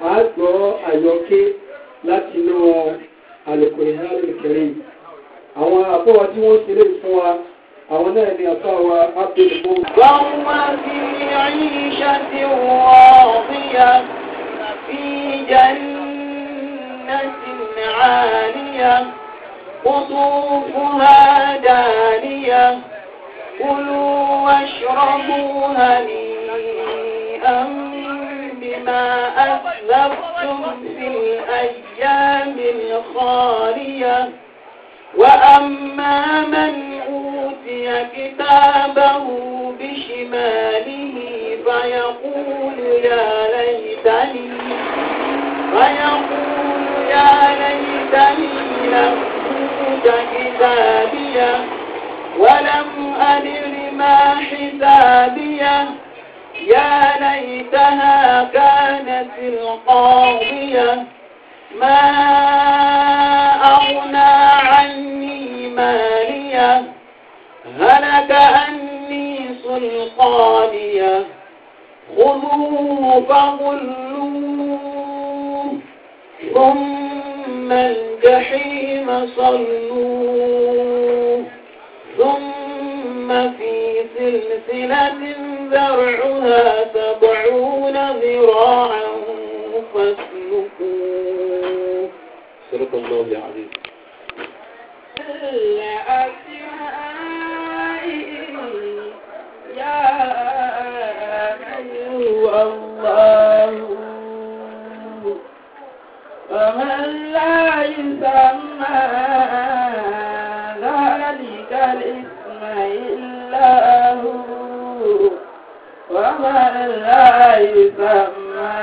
a gbọ́ àyọké láti inú Al-Qur'anul Karim àwọn àbọ̀wá tí wọ́n ṣe lè fún wa àwọn náà ni àbá wa Abdul bó. báwo máa àyíṣà ti wọ ọ̀bíyà fi jannatin àníyà qutufuha daniya kulu washrabu hani'an. ما أسلفتم في الأيام الخالية وأما من أوتي كتابه بشماله فيقول يا ليتني فيقول يا ليتني لم أوت كتابيه ولم أدر ما حسابيه يا ليتها كانت القاضية ما أغنى عني مالية هلك أني سلطانية خذوه فغلوه ثم الجحيم صلوه ثم في سلسلة ذرعها سبعون ذراعا فاسلكوه صدق الله العظيم يا أيها الله فمن لا يسمى ذلك الاسم إلا هو ومن لا يسمى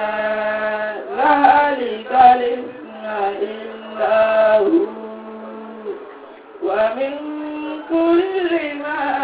ذلك الاسم إلا هو ومن كل ما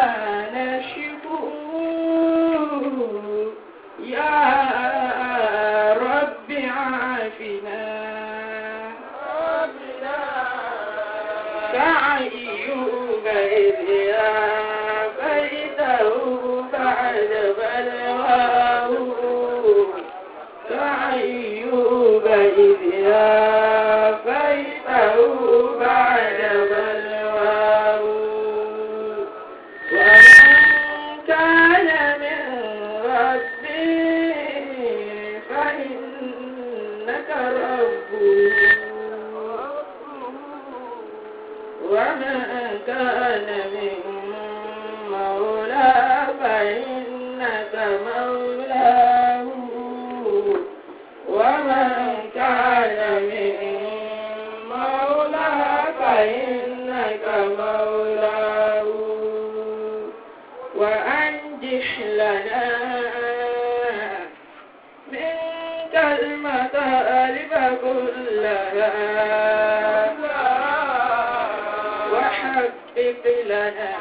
وحقق لنا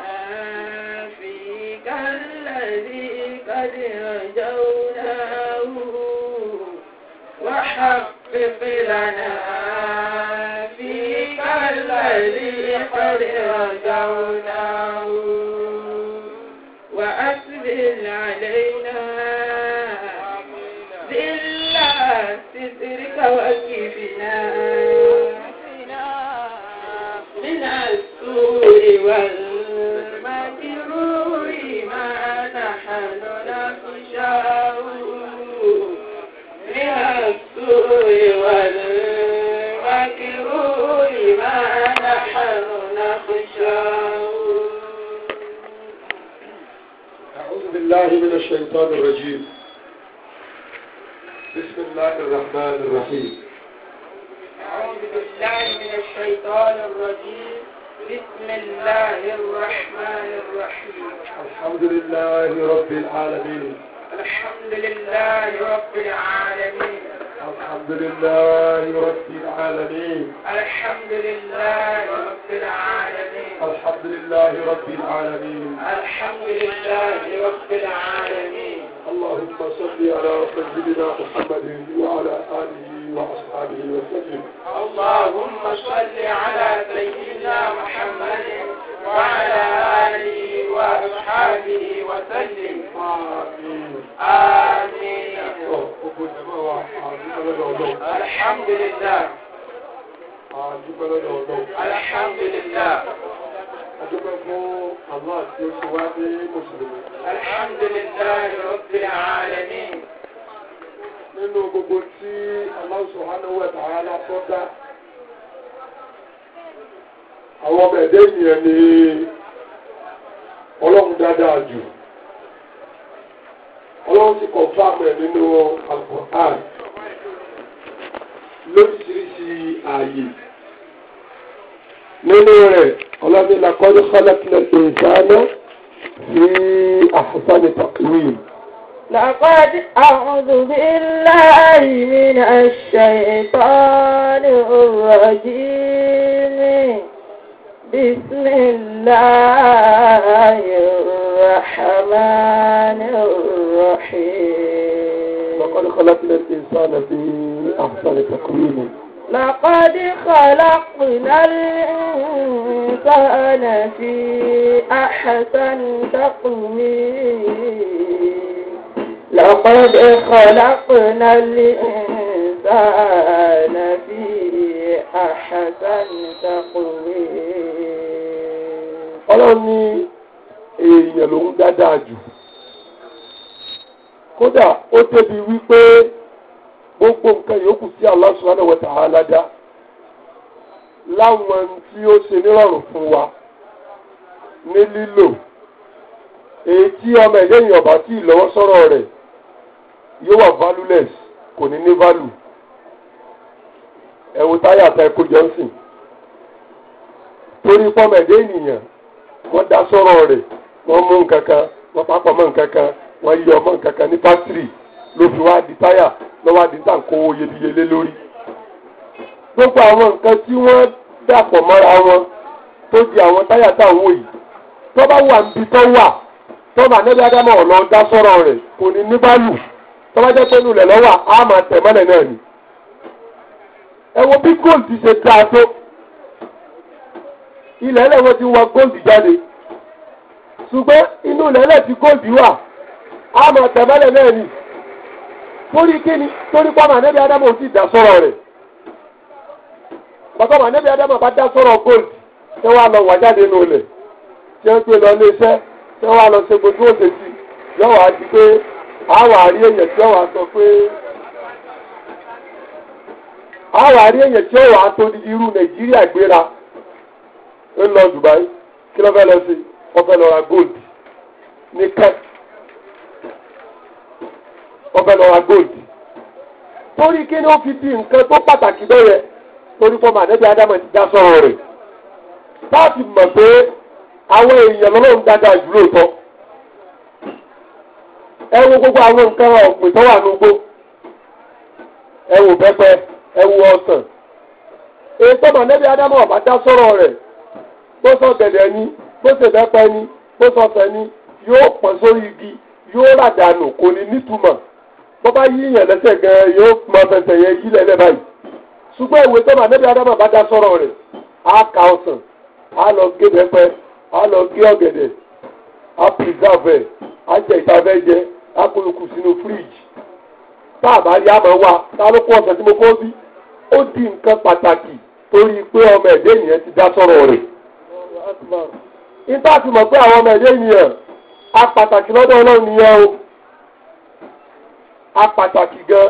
فيك الذي قد رجوناه وحقق لنا فيك الذي قد رجوناه وأسبل علينا ذل سترك وكفنا بالله من الشيطان الرجيم بسم الله الرحمن الرحيم أعوذ بالله من الشيطان الرجيم بسم الله الرحمن الرحيم الحمد لله رب العالمين الحمد لله رب العالمين الحمد لله رب العالمين الحمد لله رب العالمين الحمد لله رب العالمين الحمد لله رب العالمين اللهم صل على سيدنا محمد وعلى آله وأصحابه وسلم اللهم صل على سيدنا محمد وعلى آله وأصحابه وسلم آمين الحمد لله الحمد لله Adúpẹ́ fún Allah tí ó ṣe wá ní Mùsùlùmí. Alhamdulillahi Rabbil Alamin. Nínú gbogbo tí Allah Subhanahu wa Ta'ala tó dá, àwọn ọmọ ẹ̀dẹ́ ènìyàn ni ọlọ́run dáadáa jù ọlọ́run ti confam ẹ̀ nínú Al-Qur'an lóríṣiríṣi ààyè nínú rẹ̀ ọlọ́run laqad khalaqna al-insana fi ahsani taqwim. لقد أعوذ بالله من الشيطان الرجيم بسم الله الرحمن الرحيم لقد خلقنا الإنسان في أحسن تقويم لقد خلقنا الإنسان في أحسن تقويم لقد خلقنا الإنسان في أحسن تقويم ọlọ́run ní èèyàn ló ń dáadáa jù kódà ó débi wípé gbogbo nǹkan yòókù sí Allah subhanahu wa láwọn tí ó ṣe nírọ̀rùn fún wa ní lílò èyí tí ọmọ ẹ̀lẹ́yìn ọ̀bá tí ìlọ́wọ́ sọ̀rọ̀ rẹ̀ yóò wà valueless kò ní ní value ẹ̀wò wọ́n dá sọ̀rọ̀ rẹ̀ wọ́n mú nǹkan wọ́n pápọ̀ mọ́ nǹkan wọ́n yí ọmọ nǹkan ní fásitì ló fi wá di táyà lọ́wọ́ di tá à lórí. gbogbo àwọn nǹkan tí wọ́n dàpọ̀ mọ́ra wọn tó di àwọn táyà yìí tó bá wà níbi tó wà tó bá ti ṣe tó ilẹ̀ ẹlẹ́wọ̀n ti wọ góòlù jáde ṣùgbọ́n inú ilẹ̀ ẹlẹ́ ti góòlù wà á mọ̀ tẹ̀mẹ́lẹ̀ náà ni torí kíni torí pàmò ànẹ́bí ádámù ò sì dá sọ̀rọ̀ rẹ̀ bàbá àmọ̀ ànẹ́bí adamu bá dá sọ̀rọ̀ góòlù ṣé wàá lọ wà jáde nínú ilẹ̀ ṣé ń pè lọ ilé iṣẹ́ ṣé wàá lọ ṣe gbogbo òṣè sí yọ wàá pé àwọn àrí èèyàn tí wàá sọ pé àrí tí ń lọ Dubai kí ló fẹ́ lọ sí fẹ́ lọ ra gold ní kẹ́t wọ́n fẹ́ lọ ra gold torí kí ni ó fi di nǹkan tó pàtàkì bẹ́yẹ torí pọ́ nẹ́bí Ádámù ti dá sọ̀rọ̀ rẹ̀ láti mọ̀ pé àwọn èèyàn ẹ gbogbo àwọn nǹkan tó wà ẹ pẹpẹ ẹ wo ọsàn èyí tó sọ̀rọ̀ rẹ̀. bó sọ gẹ̀dẹ̀ ni bó ṣe bẹ́pẹ́ ni bó fẹ́ ni yóò pọ̀n sórí igi yóò ràdànù kò ní nítumọ̀ bó bá yí ìyàn lẹ́sẹ̀ gan yóò máa fẹsẹ̀ yẹn yí lẹ́lẹ́ báyìí ṣùgbọ́n ìwé adama bá dá sọ̀rọ̀ rẹ̀ á ka ọ̀sán á lọ gé bẹ́pẹ́ á lọ gé ọ̀gẹ̀dẹ̀ á á jẹ ìtafẹ́ jẹ á sínú fíríjì tá a bá rí àmọ́ wa tá ló kó ọ̀sán tí mo níta ti mọ̀ pé àwọn ọmọ ẹ̀yẹ́ ènìyàn a pàtàkì lọ́dọ̀ ọlọ́run nìyẹn o a pàtàkì gan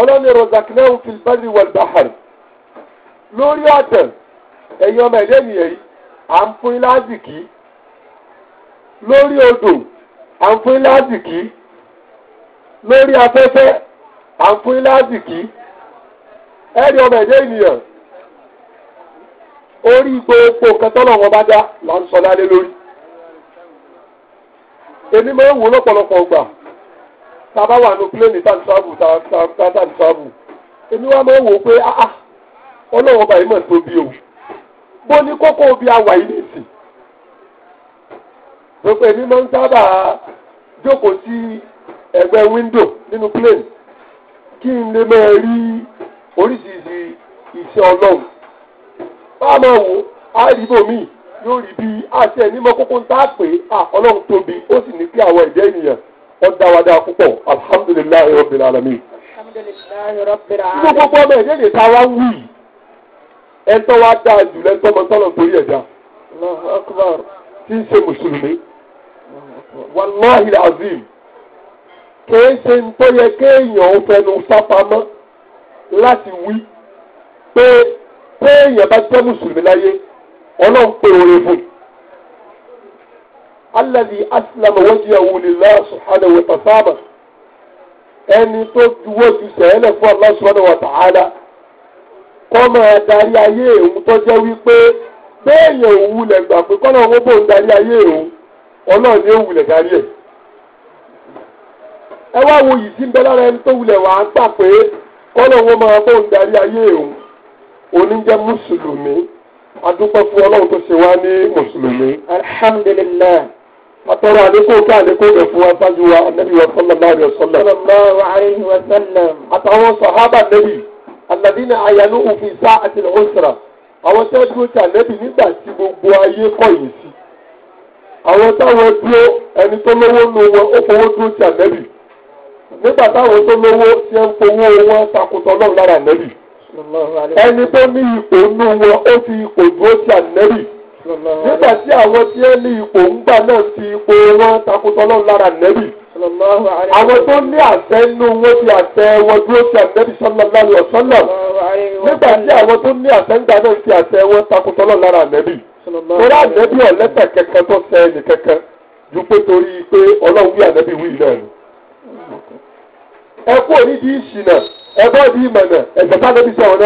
ọlọ́run rọ̀zàkínẹ́hùn fil barri wal bahari lórí ọ̀tẹ̀ ẹ̀yin ọmọ ẹ̀yẹ́ ènìyàn yìí à ń fún yín lásìkí lórí odò à ń fún yín lórí afẹ́fẹ́ à ń fún yín lásìkí ọmọ ẹ̀yẹ́ ènìyàn orí gbogbo nǹkan tọ́lọ̀ wọn bá dá là ń sọ lálé lórí. èmi máa ń wò lọ́pọ̀lọpọ̀ ọgbà tá a bá wà ní pílẹ̀nì tá à ń sáàbù tá à ń sáàbù èmi wá máa ń wò pé áá ah, ah, ọlọ́wọ́n bá yìí mọ̀ tó bí o bó ní kókó bí a wà yìí nìsí. gbogbo èmi máa ń sábà jókòó sí ẹgbẹ́ wíńdò nínú pílẹ̀nì kí n lè máa rí oríṣiríṣi iṣẹ́ ọlọ́run a máa wò á rí bòmí yóò rí bí àti ẹni mọ kókó tá a pè á ọlọ́run tóbi ó sì ní kí àwọn ẹ̀jẹ̀ ènìyàn wọ́n dá wa dáa púpọ̀ alhamdulilayi rabbil alamin. alhamdulilayi rabbil alamin. inú gbogbo ọmọ ẹ̀jẹ̀ lè ta wá ń wí ẹ̀ńtọ́ wa dáa jù lẹ́ńtọ́ mọ tọ́lọ̀ torí ẹ̀dá tí ń ṣe mùsùlùmí wàláhi azim kìí ṣe ń tó yẹ kéèyàn fẹnu sápamọ́ láti wí pé. téèyàn bá jẹ́ mùsùlùmí láyé ọlọ́run pé oore fún un. alladhi aslama wajhahu lillahi subhanahu wa ta'ala ẹni tó juwọ́ ju sẹ́ẹ̀lẹ̀ fún Allah subhanahu wa ta'ala kọ́ máa darí ayé òun tó jẹ́ wípé béèyàn òun wulẹ̀ gbà pé kọ́nà owó bò ń darí ayé òun ọlọ́run ni ó wulẹ̀ darí ẹ̀. ẹ wá wo yìí sí ń lára ẹni tó wulẹ̀ gbà pé kọ́nà oníjẹ́ mùsùlùmí adúpẹ́ fún ọlọ́run tó ṣe wá ní mùsùlùmí. alhamdulilayi. atọ́rọ àlékún kí àlékún rẹ̀ fún wa sáájú wa anabi wa sallallahu alayhi wa sallam. sallallahu alayhi wa sallam. àtàwọn sọ̀hábà nẹ́bì aladina ayanu òfin sá àti ọ̀sra àwọn tí wọ́n dúró ti ànẹ́bì nígbà tí gbogbo ayé kọ̀yìn sí. àwọn táwọn dúró ẹni tó lówó nu wọn ó fowó dúró ti ànẹ́bì nígbà táwọn tó lówó ti ń fowó wọn takùtọ̀ ọlọ́run lára Nabi. ẹni tó ní ipò nú wọn ó fi ipò dúró sí ànẹ́rì nígbà tí àwọn tí ẹ ní ipò ń gbà náà fi ipò wọn takotọ́lọ́ lára ànẹ́rì àwọn tó ní àṣẹ nú wọn fi àṣẹ wọn dúró sí ànẹ́rì sọ́nà. alaihi wasallam nígbà tí àwọn tó ní àṣẹ ńgbà náà fi àṣẹ wọn takotọ́lọ́ lára ànẹ́rì torí ànẹ́bí ọ̀lẹ́tẹ̀ kẹ̀kẹ́ tó sẹ ẹnì kẹ̀kẹ́ ju pé torí pé ọlọ́run wí ànẹ́bí wí náà ẹ kú òní ẹgbẹ́ ìdí ìmọ̀nà ẹ̀sẹ̀ tá nàbí sọ̀rọ̀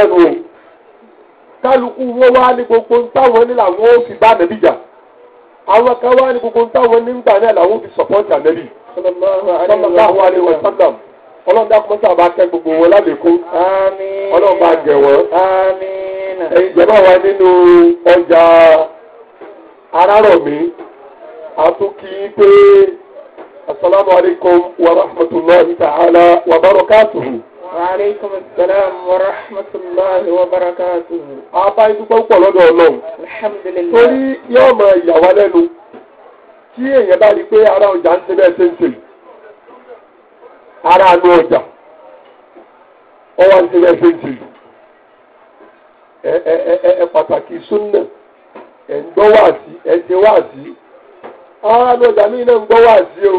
náà nù o kálukú wọn wá ní gbogbo táwọn ní làwọn ó fi bá nàbí jà àwọn kan wá ní gbogbo táwọn nígbà náà làwọn ó fi sọ̀pọ̀tì ànábì sallallahu alaihi wa sallam ọlọ́run dákun sábà kẹ́ gbogbo wọn lálẹ́kọ́ ọlọ́run bá jẹ wọ́n ẹ̀yin jẹ́ báwa nínú ọjà arárọ̀mí àtúkì pé asalaamualeykum wa rahmatulahi ta'ala wa barakatuhu. Aleykum salaam wa wa barakatuh. Apá ìdúpọ̀ pọ̀ lọ́dọ̀ Ọlọ́run. Alhamdulilayi. Torí yóò mọ ìyàwó lẹ́nu. Tí ara ọjà ń Ẹ ẹ ẹ ẹ pàtàkì súnnà. Ara mí náà ń o.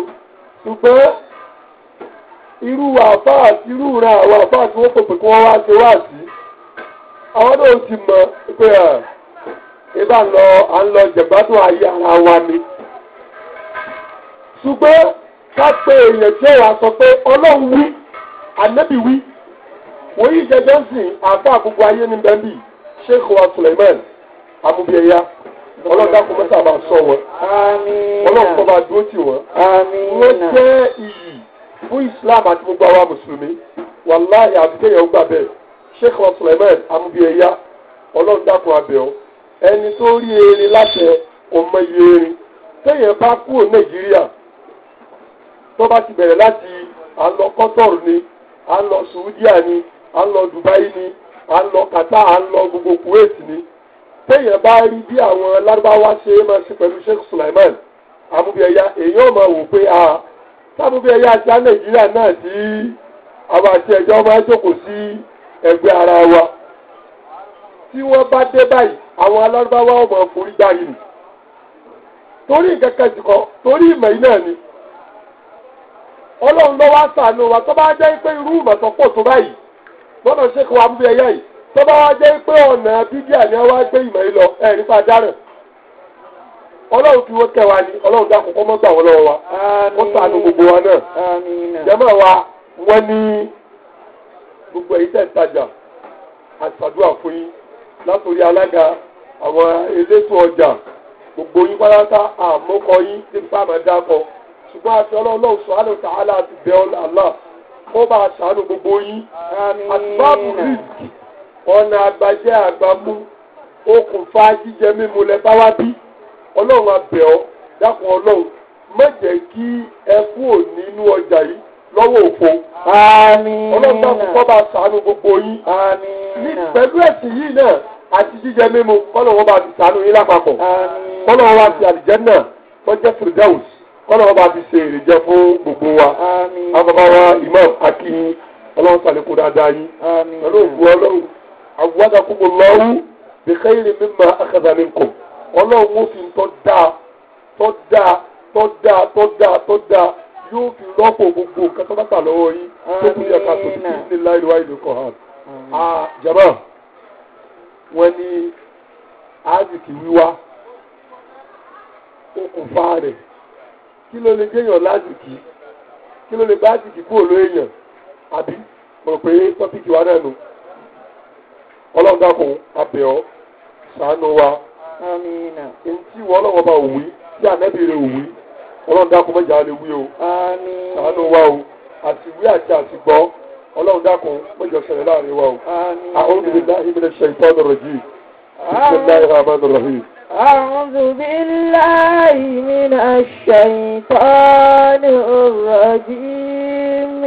Ṣùgbọ́n. irú àfáà irú ìran àwọn àfáà tí wọ́n pèpè kí wọ́n wá ṣe wá sí àwọn náà ti mọ̀ pé ibà lọ à ń lọ jẹ̀gbádùn ayé ara wa ni. ṣùgbọ́n ká pé èèyàn tí èèyàn sọ pé ọlọ́run wí ànábì wí wòye jẹjẹsìn àfáà gbogbo ayé ní bẹ́ẹ̀lì sheikh wa suleiman sọ wọn fún islam àti gbogbo àwa mùsùlùmí wàláhì àbíkẹ́yẹ̀ ó gbà bẹ́ẹ̀ sheikh Sulaiman amúbíyẹyà ọlọ́run dákun abẹ́ọ́ ẹni tó rí erin láṣẹ kò mọ iye erin tẹ́yẹ̀ bá kúrò nàìjíríà tó bá ti bẹ̀rẹ̀ láti à ń lọ kọ́tọ̀rù ni à ń lọ sùúdíà ni à ń lọ dubai ni à ń lọ qatar à ń lọ gbogbo kuwait ni tẹ́yẹ̀ bá rí bí àwọn lárúbáwá ṣe é máa ṣe pẹ̀lú sheikh Sulaiman amúbíyẹyà èyí ò máa wò pé a. Ah, sábúgbé ẹ̀yà àṣà nàìjíríà náà tí àwọn àti ẹ̀jọ́ máa jókòó sí ara wa tí wọ́n bá dé báyìí àwọn alárúbáwá ọmọ forí gbárí nì torí nǹkan kan torí ìmọ̀ yìí ni ọlọ́run ló wa tó bá jẹ́ pé irú pọ̀ tó báyìí lọ́nà ṣé yìí tó bá wá jẹ́ pé ọ̀nà bíbí àní wá gbé ìmọ̀ yìí lọ ẹ̀ nípa dáràn. ọlọ́run tí wọ́n tẹ̀ wá ní ọlọ́run dákun kọ́ mọ́gbà wọn lọ́wọ́ wa ó sànù gbogbo wa náà jẹ́mọ̀ wa wọ́n ní gbogbo èyí tẹ̀ ń tajà àtàdúrà fún yín látòrí alága àwọn elétò ọjà gbogbo yín pátá àmọ́kọ yín tí nípa àmọ́ dákọ ṣùgbọ́n àti ọlọ́run sọ̀hánù tààlà àti bẹ́ẹ̀ ọ̀làlá kó bá a ṣàánú gbogbo yín àti báàbù rìsì ọ̀nà àgbàjẹ́ àgbàmú okùnfà jíjẹ mímu lẹ́ bá wá bí ọlọ́run abẹ́ ọ dákun ọlọ́run má jẹ́ kí ẹ kúrò nínú ọjà yìí lọ́wọ́ òfo. ọlọ́run bá kọ́ bá ṣàánú gbogbo yín. ní pẹ̀lú ẹ̀sìn yìí náà àti jíjẹ mímu kọ́lọ̀ wọn bá ti ṣàánú yín lápapọ̀. kọ́lọ̀ wọn bá ti àlìjánnà kọjá firdaus kọ́lọ̀ wọn bá ti ṣe ìrìnjẹ fún gbogbo wa. àbábáwa imam akin ọlọ́run sàlékún dáadáa yín. pẹ̀lú òkú ọlọ́run àwùwádà kúkú lọ́wọ́ bìkẹ́yìn mímọ́ ọlọ́run ó fi tọ́ dáa tọ́ dáa tọ́ dáa tọ́ dáa tọ́ fi rọ́pò gbogbo nǹkan tó bá gbà lọ́wọ́ yín tó kú yẹ ká tó kí ní hàn. ni áàzìkì wíwá okùnfà rẹ̀ kí ló lè jẹ́yàn láàzìkì kí ló lè bá áàzìkì kúrò àmín. Èntì wọ́n lọ́wọ́ bá òwú tí ànábì rẹ̀ òwú ọlọ́run dákun mẹ́jà lè wí o. àmín. ṣàánú wa o àti wí àti àti gbọ́ ọlọ́run dákun mẹ́jọ ṣẹlẹ̀ láàrin wa o. àmín. àwọn olùdíje náà ìbílẹ̀ ṣe ìtọ́nù rẹ̀ jì. bismillahi rahman rahim. أعوذ بالله من الشيطان الرجيم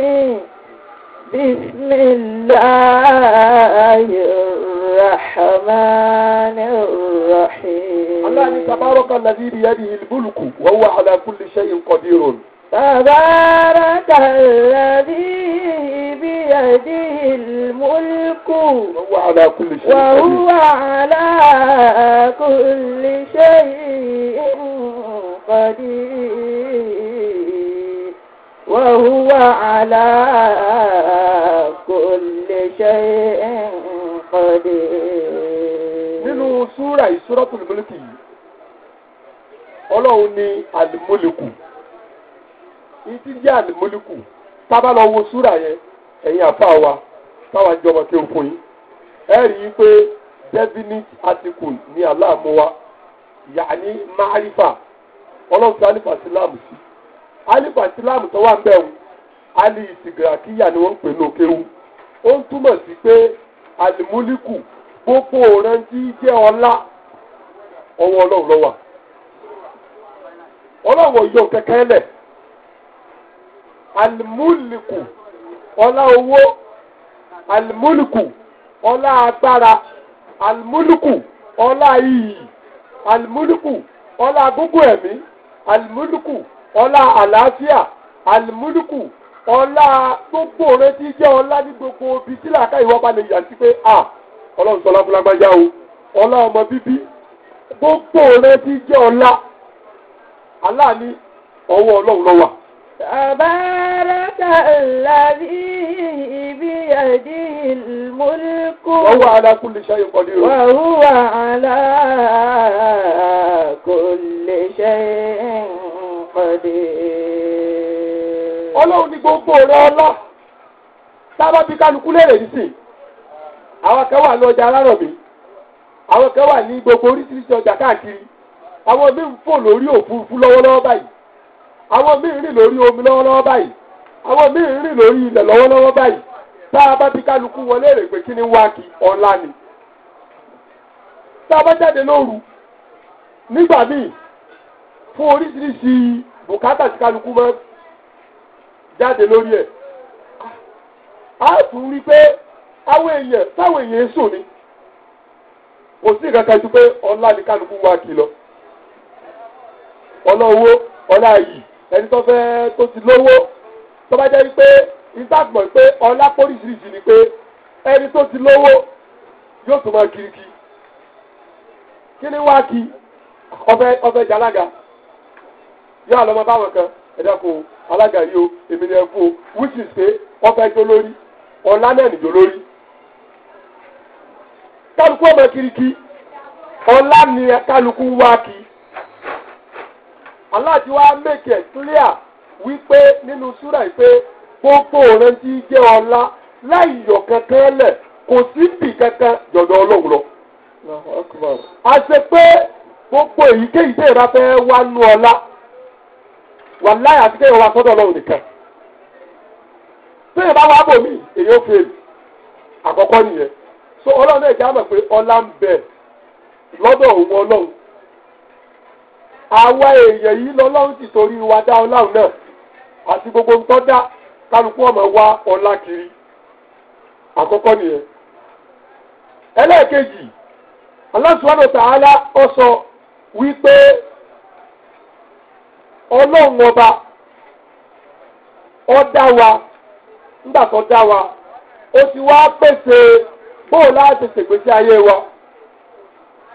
بسم الله الرحمن الرحمن الرحيم الله يعني تبارك الذي بيده الملك وهو على كل شيء قدير تبارك الذي بيده الملك وهو على كل شيء وهو على كل شيء قدير وهو على كل شيء nínú súrà Suratul Mulk yìí ọlọ́run ní àlùmọ́lẹ́kù ìdí jẹ́ àlùmọ́lẹ́kù tábà lọ wo yẹn ẹ̀yin àfa wa táwa jọba tí ó fún yín ẹ rí pé definite article ní aláàmú wa yàní ọlọ́run sí ali ni wọ́n ń pè ní òkèwù ó ń àlùmúlíkù gbogbo rẹ̀ ti jẹ́ ọlá ọwọ́ ọlọ́run lọ́wọ́ ọlọ́wọ́ yọ kẹ̀kẹ́ lẹ̀ àlùmúlíkù ọlá owó àlùmúlíkù ọlá agbára àlùmúlíkù ọlá iyì àlùmúlíkù ọlá gbogbo ẹ̀mí àlùmúlíkù ọlá àlàáfíà ọlá gbogbo rẹ ti jẹ́ ọlá ní gbogbo ibi tí làákà ìwọ bá lè yà sí pé à ọlọ́run sọlá fún lágbájá o ọlá ọmọ bíbí gbogbo rẹ ti jẹ́ ọlá Allah ní ọwọ́ ọlọ́run ló wà. Tabaraka alladhi biyadihi al-mulku. Wa huwa ala kulli shay'in qadir. Wa huwa ala kulli shay'in qadir ọlọ́run ní gbogbo rẹ ọlá sábà bí kálukú lèrè nísìn àwọn kan wà ní ọjà alárọ̀mí àwọn kan wà ní gbogbo oríṣiríṣi ọjà káàkiri àwọn míì ń fò lórí òfurufú lọ́wọ́lọ́wọ́ báyìí àwọn míì ń rìn lórí omi lọ́wọ́lọ́wọ́ báyìí àwọn míì ń rìn lórí ilẹ̀ lọ́wọ́lọ́wọ́ báyìí sábà bí kálukú wọlé rè pé kí ni wá kí ọ̀la ni sábà jáde lóru nígbà míì fún oríṣiríṣi bùkátà tí kálukú máa jáde lórí ẹ̀ á ah, tún rí pé àwọn èèyàn táwọn èèyàn sùn ni kò sí ìkankan ju pé ọlá ni kálukú wá kí lọ ọlá owó ọlá yìí ẹni tó fẹ́ tó ti lówó tó bá jẹ́ pé ìtàgbọ̀ pé ọlá póríṣiríṣi ni pé ẹni tó ti lówó yóò tún máa kiri kiri kí ni wá kí ọbẹ̀ ọbẹ̀ yóò àlọ́ báwọn kan. ẹ ala alága yìí o èmi ni ẹ which is pé lórí náà lórí kálukú ọmọ kiriki ni kálukú wá kí aláàtí wa clear wípé nínú súrà yìí pé gbogbo ìrántí jẹ́ ọ̀la láì kankan lẹ̀ kò sí bì kankan jọjọ ọlọ́run lọ. wà láyà àti kéèyàn sọ́dọ̀ ọlọ́run nìkan téèyàn bá wá bò mí èyí ó àkọ́kọ́ nìyẹn so ọlọ́run ẹ̀jẹ̀ á pé ọlá ń lọ́dọ̀ òun ọlọ́run àwa èèyàn yìí lọ́lọ́run ti torí wa gbogbo dá kálukú ọmọ wa ọlá kiri àkọ́kọ́ nìyẹn ẹlẹ́ẹ̀kejì wípé. ọlọ́run ọba ó dá wa nígbà tó dá wa ó ti wá pèsè bóòlù láti ayé wa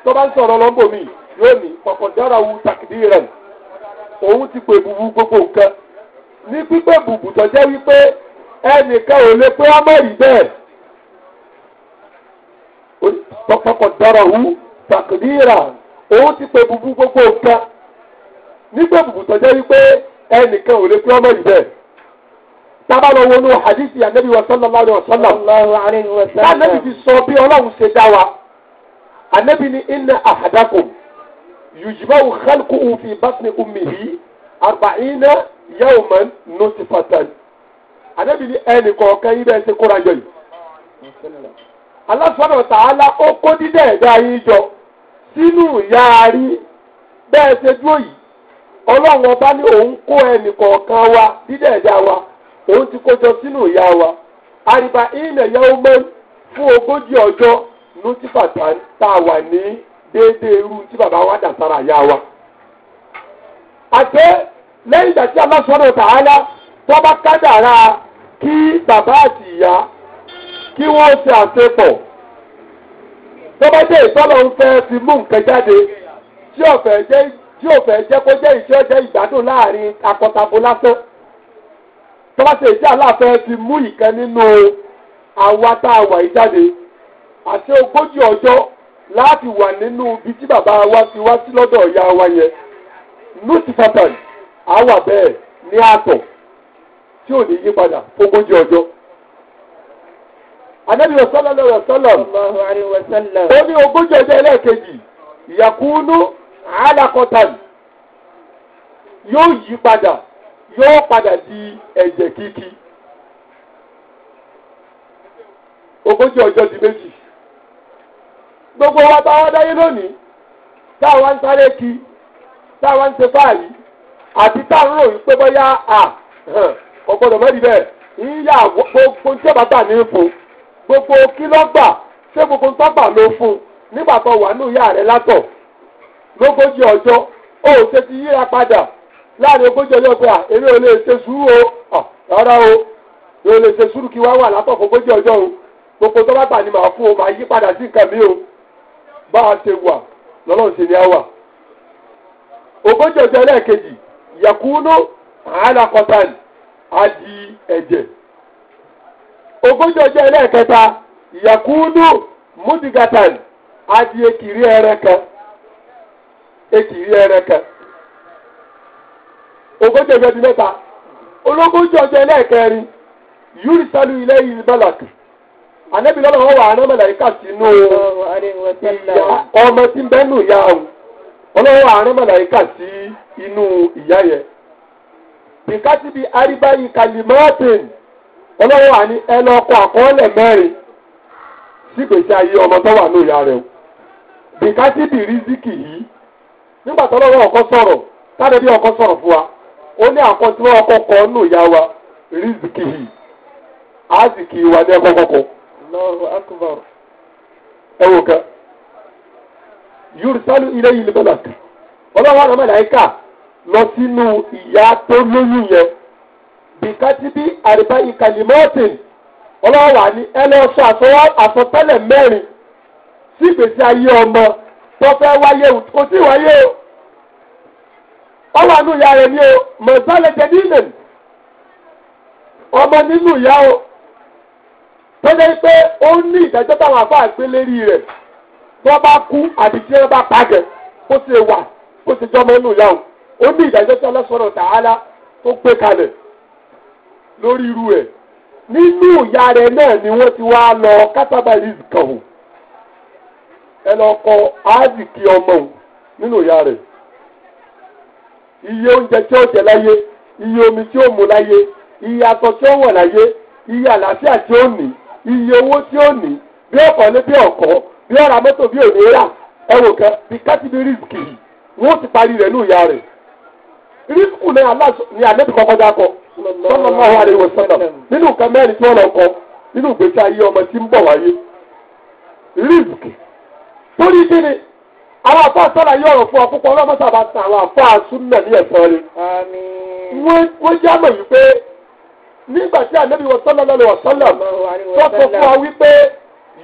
tó bá ń sọ̀rọ̀ lọ́nbọ̀mí lónìí kọ̀kọ̀dára wu takidi rẹ̀ ti pè bùbù gbogbo nǹkan ní pípé bùbù tó jẹ́ wípé ẹnìkan ò lè pé rí bẹ́ẹ̀ wu takidi rẹ̀ òun ti pè bùbù gbogbo nǹkan. nígbà bùbùtọ̀ jẹ́ wípé ẹnìkan ò lè pé ọmọ yìí tábà lọ wọnú hadithi anabi wa sallallahu alayhi wa sallam anabi ti sọ bí ọlọ́run ṣe dá wa anabi ni inna ahadakum yujma'u khalquhu fi batni ummihi arba'ina yawman nutfatan anabi ni ẹnì kọ̀ọ̀kan yìí bẹ́ẹ̀ ṣe kóra jọ yìí. Allah subhanahu wa ó kó dídẹ̀ ẹ̀dá yìí jọ sínú ìyá bẹ́ẹ̀ ṣe dúró yìí ọlọ́run ọba ní òun kó ẹnì kọ̀ọ̀kan wa dídẹ̀ ẹ̀dá wa òun ti kójọ sínú ìyá wa àríbá ìnà ìyá ọmọ fún ogójì ọjọ́ ló ti bàtà tá a wà ní déédéé irú tí bàbá wa dà sára ìyá wa. àti lẹ́yìn ìgbà tí kádàrá kí bàbá àti ìyá kí wọ́n ṣe àṣepọ̀ tí o fẹ́ jẹ́ kó jẹ́ ìṣe ọjọ́ ìgbádùn láàrin akọtabo lásán ṣe ìṣe ti mú ike nínú àwa tá a wà jáde àti ogójì ọjọ́ láti wà nínú ibi tí bàbá wa ti wá sí lọ́dọ̀ wa yẹn lùtì pàtàkì á wà bẹ́ẹ̀ ní àtọ̀ tí ò ní yí padà ogójì ọjọ́. Ànábì sallallahu alaihi wasallam ó ní ogójì ọjọ́ ẹlẹ́ẹ̀kejì alákọ̀tàn yóò yí padà yóò padà di ẹ̀jẹ̀ kíkí ogójì ọjọ́ di méjì gbogbo wa bá wá dáyé lónìí tá a ń sáré kí tá a ń ṣe àti tá a ròyìn pé gbogbo tí ọba gbà ní fún gbogbo kí lọ́gbà ṣé gbogbo ń tọ́gbà ló fún nígbà tó lógójì ọjọ́ ó ṣe ti yíra padà láàrin ogójì ọjọ́ pé à èmi ò lè ṣe sùúrù o rárá o mi ò lè ṣe sùúrù kí wá wà ogójì ọjọ́ o gbogbo tó bá gbà ni màá fún o màá yí padà sí nǹkan mi o bá a ṣe wà ṣe ni a wà. ogójì ọjọ́ ẹlẹ́ẹ̀kejì yakunu adi èkìrí ẹrẹkẹ ogójì ọjọ́ di mẹ́ta ológójì ọjọọ ẹlẹ́ẹ̀kẹrin yúri sálù ilé yìí mẹlàkì ànábì lọ́nà wọn wà á náà si sínú ọmọ ti bẹ bẹ́nu ya o ọlọ́wọ́ wà á náà mẹlàkà ìyá yẹn bìkátì bíi ayé ọmọ tó wà o bìkátì nígbà tó lọ́wọ́ ọkọ sọ̀rọ̀ táde bí ọkọ sọ̀rọ̀ fún wa ó ní ọkọ kọ nù ya wa riziki yìí wa ní ẹkọ kọkọ. ẹ wò kẹ yorùsálù ilé yìí lébẹ́lá ọlọ́wọ́ àwọn màláíkà lọ sínú ìyá tó lóyún yẹn bìkátìbí àrìbá ìkàlímọ́ọ̀tìn ọlọ́wọ́ wà ní ẹ lọ sọ àsọtẹ́lẹ̀ mẹ́rin sí ìgbésí ayé ọmọ. tó fẹ́ wáyé o kò tí wáyé o ọ ìyá rẹ̀ ni o mọ̀sálẹ̀ ní ilẹ̀ ọmọ nínú ìyá o tó pé ó ní ìdájọ́ táwọn àbá àgbé lérí rẹ̀ tó bá kú àti tí wọ́n bá o ó ní ìdájọ́ tí ọlọ́sọ̀rọ̀ tààlà tó gbé kalẹ̀ lórí irú nínú ìyá rẹ̀ náà ni ẹ ọkọ kọ áàdìkì ọmọ òun nínú ìyá rẹ̀ iye oúnjẹ tí ó jẹ láyé iye omi tí ó mu láyé iye aṣọ tí ó wọ̀ láyé iye àlàáfíà tí ó ní iye owó tí ó ní bí ọkọ̀ ní bí ọkọ̀ bí ọ̀rà bí òní rà kan bí kátìbí rìsíkì ti parí ní ìyá rẹ̀ rìsíkù aláṣọ wà nínú nǹkan tí lọ kọ nínú ìgbésí ayé ọmọ tí ń wáyé rìsíkì torí kí ni àwọn afọ àtọ́là yóò rọ̀ fún ọkùnkùn ọlọ́mọta bá tan àwọn afọ àsúnà ní ẹ̀sán rẹ̀. wọ́n já mọ̀ wípé nígbà tí ànábì wọ sọ́lá lọ́lọ́ wọ sọ́lá tọ́kọ fún wa wípé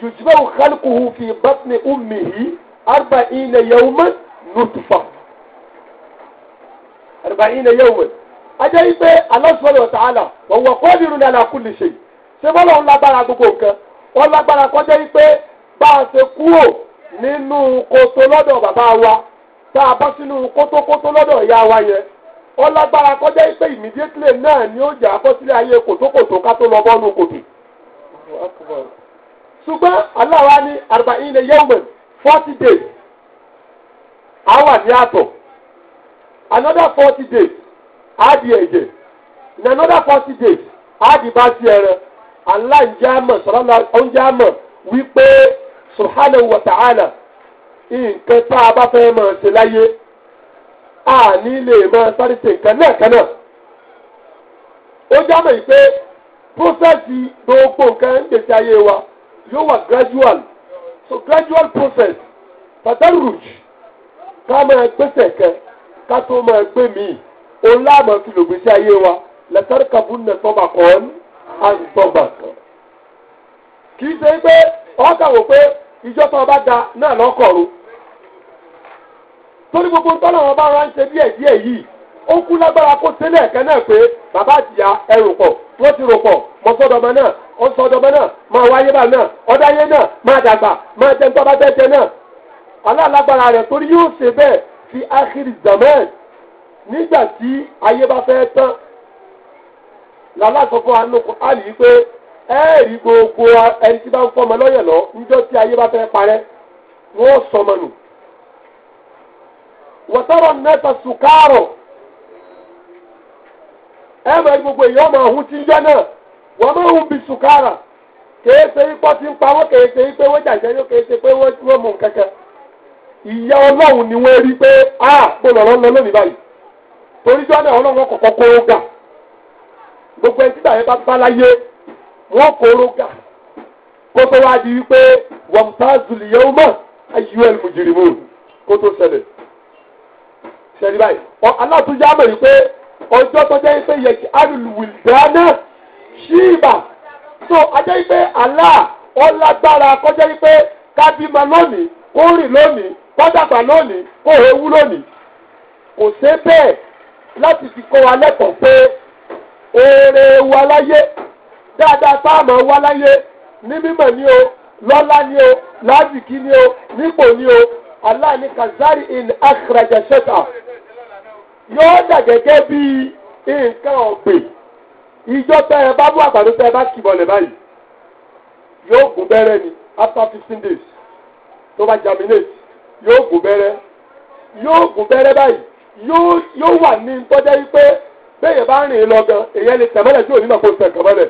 yùjúbẹ́wò kálukùhù fi bátìní ùmì yìí arba ìnà yẹ̀wùmẹ́ nùtùfà. arba ìnà yẹ̀wùmẹ́ ajá wípé alásùwọ̀lẹ̀ wọ̀ sàálà wọ̀ wọ̀ kọ́ nínú ní alákùnlé ṣe ṣé bọ́lá ń lágbára gbogbo nǹkan wọ́n lágbára kọjá wípé bá a ṣe kúrò nínú koto lọ́dọ̀ bàbá wa tá a bá sínú kótókótó lọ́dọ̀ ìyá wa yẹn ó lágbára kọjá pé immediately náà ni ó jà àkọsílẹ̀ ayé kòtókòtó ká tó lọ kòtò. ṣùgbọ́n aláwa ní arba'ina yawman forty days àwa ní àtọ̀ another forty days àdì ẹ̀jẹ̀ in another forty days àdì bá sí ẹran aláǹjẹ́ àmọ̀ sọ̀rọ̀ oúnjẹ wípé. subhanahu wa ta'ala nǹkan tá a bá fẹ́ máa ṣe láyé a ní lè máa sáré ṣe nǹkan náà kan náà ó jámọ̀ yìí pé pósẹ́sì gbogbo nǹkan ń gbèsè ayé wa yóò wà gradual so gradual process pàtàkì ká máa gbèsè kan ká tó máa gbé míì òun láàmú kí ló gbèsè ayé wa lẹ́tọ́rì kabú nà tọ́ba kọ́ ọ́n á ń kan kì í ṣe pé ọ̀ọ́kà wò pé ìjọ tó bá da náà lọ́kọ̀ọ́rọ́ torí gbogbo ntọ́nà wọn bá ránṣẹ́ díẹ̀ díẹ̀ yìí ó kú lágbára kó sílẹ̀ ẹ̀kẹ́ náà pé bàbá àtìyá ẹrù pọ̀ wọ́n ti rò pọ̀ mọ sọ́dọ̀mọ náà ó sọ́dọ̀mọ náà máa wáyé bá náà ọ̀dáyé náà máa dàgbà máa jẹun tọ́ba tẹ́tẹ́ náà aláàlágbára rẹ̀ torí yóò ṣe bẹ́ẹ̀ fi ákìrì zaman nígbà tí ayé bá fẹ́ tán làlá fún anú àlì pé ẹ gbogbo ẹni tí bá ń fọmọ lọ́yẹ̀ lọ níjọ́ tí ayé bá fẹ́ parẹ́ wọ́n sọmọ nù. wọ́tọ́rọ̀ nẹ́ta sùkárọ̀ ẹ mọ̀ gbogbo náà wọ́n ń bi sùkárà kèé ṣe ń kèé ṣe pé wọ́n a kò lọ́rọ́ lọ lónìí báyìí torí jọ́nà ọlọ́run kọ̀ọ̀kan kó gà gbogbo wọn kóró gà kótó wá di wípé wọ́n tá zùlì yẹ́wò mọ́ kótó báyìí tó jẹ́ pé yẹ̀kí alùwìldáná ṣíìbà pé àlá ọlágbára kọjá pé kábímọ lónìí kó lónìí kọ́dàgbà lónìí kó lónìí kò ṣe bẹ́ẹ̀ láti dáadáa táàmù wá láyé ní mímọ̀ ni o lọ́lá ni o láàbìkí ni o nípò ni o aláàní kazari in akhraja ṣẹta yóò dà gẹ́gẹ́ bíi nǹkan ọ̀gbìn ìjọ tẹ ẹ bá mú àgbàdo tẹ ẹ bá kì bọ̀lẹ̀ báyìí yóò gùn bẹ́rẹ̀ ni after fifteen days tó bá germinate yóò gùn bẹ́rẹ̀ yóò gùn bẹ́rẹ̀ báyìí yóò wà ní tọ́jà yìí pé bẹ́ẹ̀ yẹn bá rìn lọ gan èèyàn lè tẹ̀mọ́lẹ̀ tí ò ní mọ̀ tẹ̀ kẹ̀mọ́lẹ̀.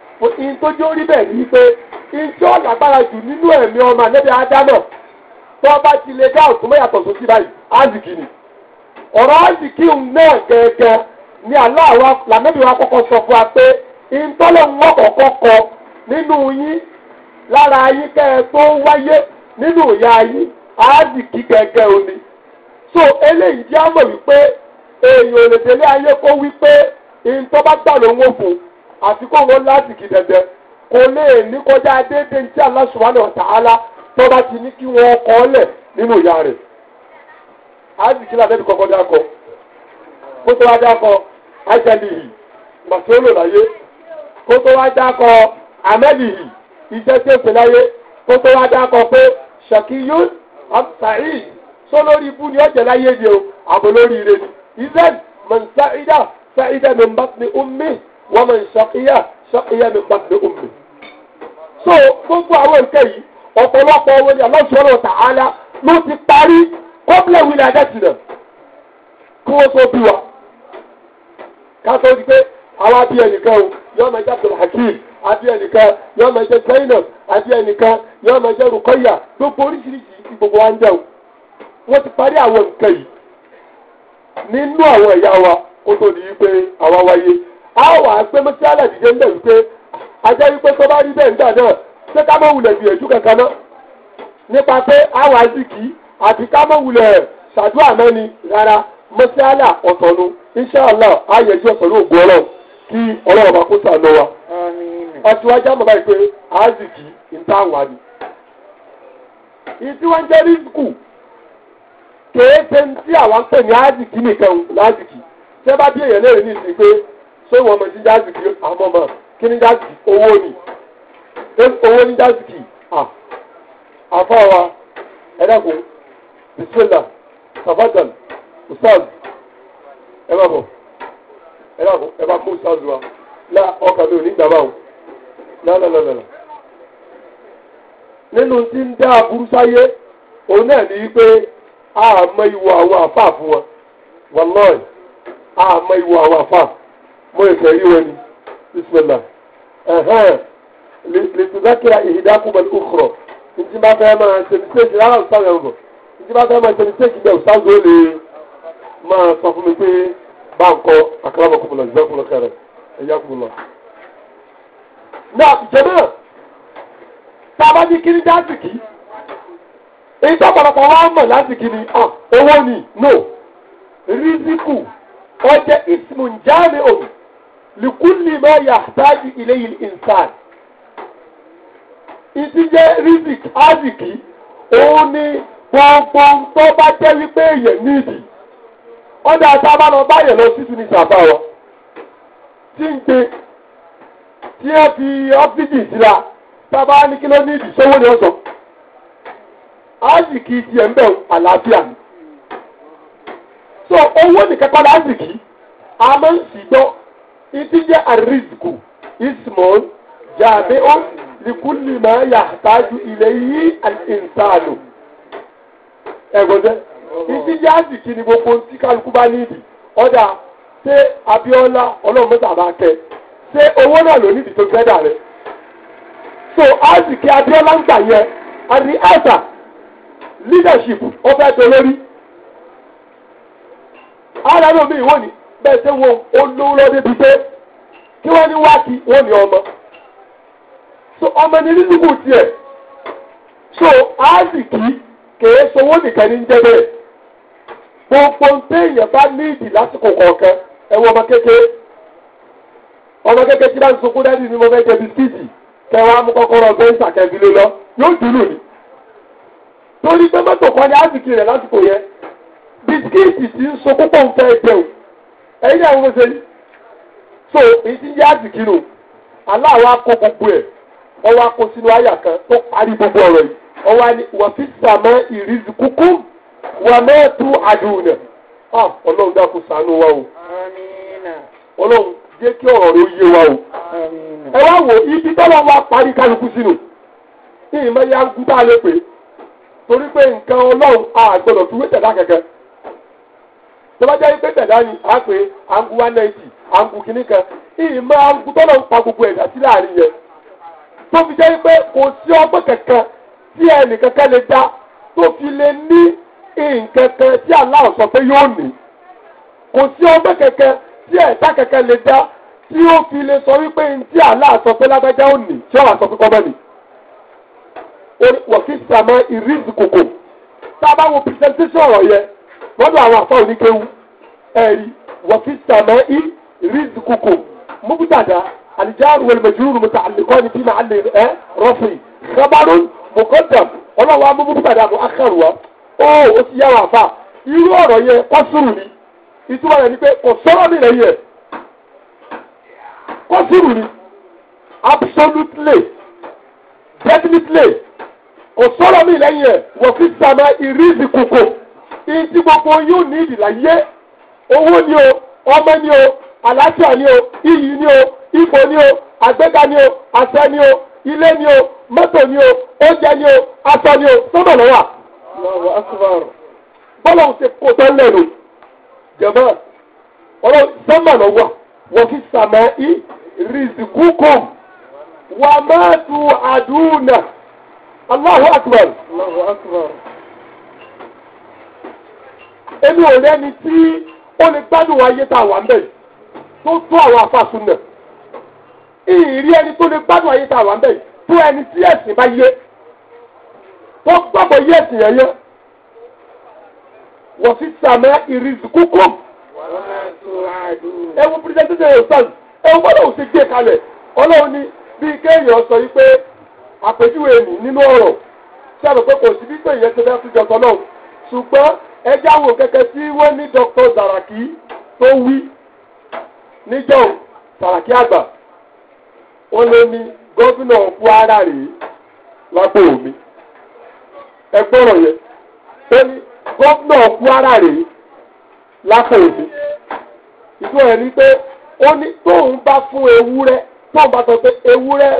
ìyìn tó jó rí bẹ́ẹ̀ yìí pé ìjọ lágbára jù nínú ẹ̀mí ọmọ àlẹ́bí ádámọ̀ tó bá ti lè dá òtún mẹ́yàtọ̀ tó báyìí ni ọ̀rọ̀ náà gẹ́gẹ́ ni aláwa làmẹ́bí wa kọ́kọ́ sọ fún wa pé ìtọ́lẹ̀ ń wọ́kọ̀ kọ́kọ́ nínú yín lára yín kẹ́ tó wáyé nínú ìyá yín gẹ́gẹ́ so eléyìí jẹ́ àmọ̀ wípé èèyàn ò lè ayé kó wípé ìtọ́ bá gbà ló ń àti kó wọn láti kì dẹ̀dẹ̀ kò lè ní kọjá déédéé tí Allah subhanahu wa ta'ala tó bá ti ní kí wọ́n kọ́ lẹ̀ nínú ìyá rẹ̀ àdìsí làbẹ́bí kọ́kọ́ dákọ̀ kó tó wá dákọ̀ ájálìhì gbàtí ó lò láyé kó tó wá dákọ̀ amẹ́lìhì iṣẹ́ tí ó pè láyé kó tó wá dákọ̀ pé ṣàkíyún abdulsaid sọ lórí ibú ni ọ̀jẹ̀ láyé ni o àbò lórí ire ni izen mọ̀nsáídà sáídà mẹ́mbàtì ní ummi. wọ́n mọ̀ ṣàkíyà mi so gbogbo àwọn nǹkan yìí ọ̀pọ̀lọpọ̀ wọn ni aláṣọ́nà tààlà ló ti parí kọ́pìlẹ̀ wílẹ̀ adẹ́sìnà kí wọ́n tó bí wa. ká di pé àwọn abí ẹnìkan o yọ ọmọ ẹja Abdul Hakim abí ẹnìkan yọ ọmọ ẹja Zainab abí ẹnìkan yọ ọmọ ẹja o. ti parí àwọn nǹkan yìí nínú àwọn ẹ̀yà wa kó tó di pé a wà á gbé mọ́sálà dìde ńlẹ̀ wípé ajẹ́ wípé tó bá bẹ́ẹ̀ náà ṣé wulẹ̀ gbìyànjú kankan náà nípa pé a wà á àti ká mọ̀ wulẹ̀ rárá mọ́sálà ọ̀tọ̀nu inṣàlá ayẹyẹ ọlọ́run kí ọlọ́run bá kó sànù wa. ọtí wájú àmọ́ báyìí pé a zìkì ń táwọn àdì. ìtí wọ́n jẹ́ rísíkù kèé ṣe ń tí àwọn pè ní nìkan bá bí èèyàn pé wọ́n mọ̀ sí jásìkì àmọ́ mọ̀ kí ni jásìkì owó ni owó ni jásìkì àfọwà ẹ̀dàkùn bisimilá sabadan ustaz ẹ bá bọ̀ ẹ̀dàkùn ẹ bá mú ustaz wa lá ọkàn mi ò ní o nínú tí ń dá aburú òun náà ní pé àmọ́ ìwọ àwọn wọn mo ẹ̀sẹ̀ rí wọn ni bisimilá lẹ́tùdákìá ìhìdákùnmọ̀ ọ̀kọ̀rọ̀ ntí bá fẹ́ máa ṣe mistake rárá ọ̀sán yẹn bọ̀ ntí bá fẹ́ máa ṣe mistake bẹ́ẹ̀ ọ̀sán yóò lè máa sọ fún mi pé bá ń kọ́ àkàràmọ̀ kùmùlọ̀ ìgbà kùmùlọ̀ kẹrẹ ẹ̀yà kùmùlọ̀. náà jẹ̀mọ́ tá a bá ní kiri dásìkì èyí tó pọ̀lọpọ̀ wá mọ̀ lásìkì ni owó ni no rísíkù ọjẹ́ ismu njẹ́ mi òun likuli ma yahtaji ilayhi al-insan ìdíje rizik aziki òun ni gbogbo tó bá jẹ́ wípé èèyàn nídìí ọ̀dà sábà lọ báyẹn lọ sí tunis àbá wa tí ń gbé tí wọ́n fi ọ́fíìsì síra sábà ní kí ló nídìí sówó ni wọ́n sọ aziki tiẹ̀ ń bẹ̀ àlàáfíà ni so owó nìkan padà a máa ń sì gbọ́ ìdíjẹ́ àrísìkò ismon jamiu likulli ma yahtaju ilayhi al-insanu. ẹ̀gbọ́dẹ́ ìdíjẹ́ àsìkí ni gbogbo tí kálukú bá nídìí ọ̀dà ṣé Abíọ́lá ọlọ́mọdà bá kẹ́ ṣé owó náà ló nídìí tó gbẹ́dà rẹ̀. so àsìkí Abíọ́lá ń gbà yẹn àti àṣà leadership ó fẹ́ dolórí. ara lómi ìwọ ni bẹ́ẹ̀ ṣe wọn ó lọ débi pé kí wọ́n ní wá kí wọ́n ní ọmọ so ọmọ ní nínú tiẹ̀ so áàzìkì kèé sowó nìkan ní jẹ́ bẹ́ẹ̀ gbogbo téèyàn bá níìdì lásìkò kọ̀ọ̀kan ẹ̀wọ̀n ọmọ kékeré ọmọ kékeré tí bá ń sunkún dání ni mo fẹ́ jẹ bisikíìtì kẹwàá mú kọ́kọ́rọ́ bẹ́ńsà lọ yóò dúró ni torí pé mọ́tò kan ní áàzìkì rẹ̀ lásìkò yẹn bisikíìtì ti ẹ̀yin náà wọ́n ṣe so èyí ti yá àdìkínú aláwọ̀ gbogbo ẹ̀ ọwọ́ akó sínú gbogbo ọrụ yìí ọwọ́ fi sàmọ́ ìrísí kúkú tú àdùnnà dákú wa o ọlọ́run kí yé wa o ẹ wá ibi tọ́lọ́ wa parí kálukú sínú ní yá gúdá torí pé nǹkan ọlọ́run àgbọ̀dọ̀ tó bá jẹ́ pé tẹ̀dá ni a pè angu one ninety angu kìíní kan ìyí mọ angu tọ́lọ̀ ń pa gbogbo ẹ̀dá sí láàrin yẹn tó fi jẹ́ pé kò sí ọgbẹ́ kankan tí ẹnì kankan lè dá tó fi lè ní nǹkan kan tí Allah sọ pé yóò ní kò sí ọgbẹ́ kankan tí ẹ̀dá kankan lè dá tí ó fi lè sọ wípé tí ni wọ́n fi sàmọ́ ìrísí kòkò tá a lọ́dọ̀ àwọn afọ oníkéwu ẹ̀rí wọ́fi sàmẹ́ í rizikukum mubtada alijaru wal majruru muta'alliqani fi mahalli ẹ rafi khabarun muqaddam ọlọ́wọ́ amú mubtada mu akhar wa ó o ti yára àfáà irú ọ̀rọ̀ yẹn kọ́sùrù ni ìtumọ̀ rẹ̀ ni pé kò sọ̀rọ̀ mi rẹ̀ yẹ ni absolutely definitely kò mi rẹ̀ yẹ ìdí gbogbo yóò ní ìdìláyé owó ni o ọmọ ni o àlàáfíà ni o iyì ni o ipò ni o àgbéga ni o àṣẹ ni o ilé ni o mọ́tò ni o oúnjẹ ni o aṣọ ni o sọ́dọ̀ lọ́wọ́. bọ́lá ń ṣe kó tó ń lẹ́nu jẹ̀mọ́ ọ̀rọ̀ sọ́mà lọ́wọ́ wọ́n fi sàmẹ́ í rìzìkúkọ̀ wà má tu àdúnà Allahu akbar. èmi ò rẹ́ni tí ó lè gbádùn ayé tá a wà mbẹ̀ tó tó àwọn afáàsùn náà ìrírí ẹni tó lè gbádùn ayé tá a wà mbẹ̀ tó ẹni tí ẹ̀sìn bá yé tó gbàgbọ́ yé ẹ̀sìn yẹn yẹ. wọ́n fi sàmẹ́ ìrìsì kúkú. ẹ̀wù pírẹsidẹ́ntì ṣe ìsàn ẹ̀wù bọ́dọ̀ ò ṣe gbé kalẹ̀ ọlọ́run ni bíi kéèyàn sọ yìí pé àpèjúwe nì nínú ọ̀rọ̀ tí a lọ pé kò sí bí pé ìyẹn ti fẹ́ fújọ tọ́lọ́ ṣùgbọ́n ẹ jáwọ́ kẹ̀kẹ́ tí wọ́n ní dr zaraki tó wí níjọ́ zaraki àgbà wọ́n lé ní gómìnà ara rèé lápò mi ẹ gbọ́rọ̀ yẹn ó ní gómìnà rèé lápò mi ìgbọ́ ẹ̀ pé ó ní tóun bá fún ewúrẹ́ tóun bá sọ pé ewúrẹ́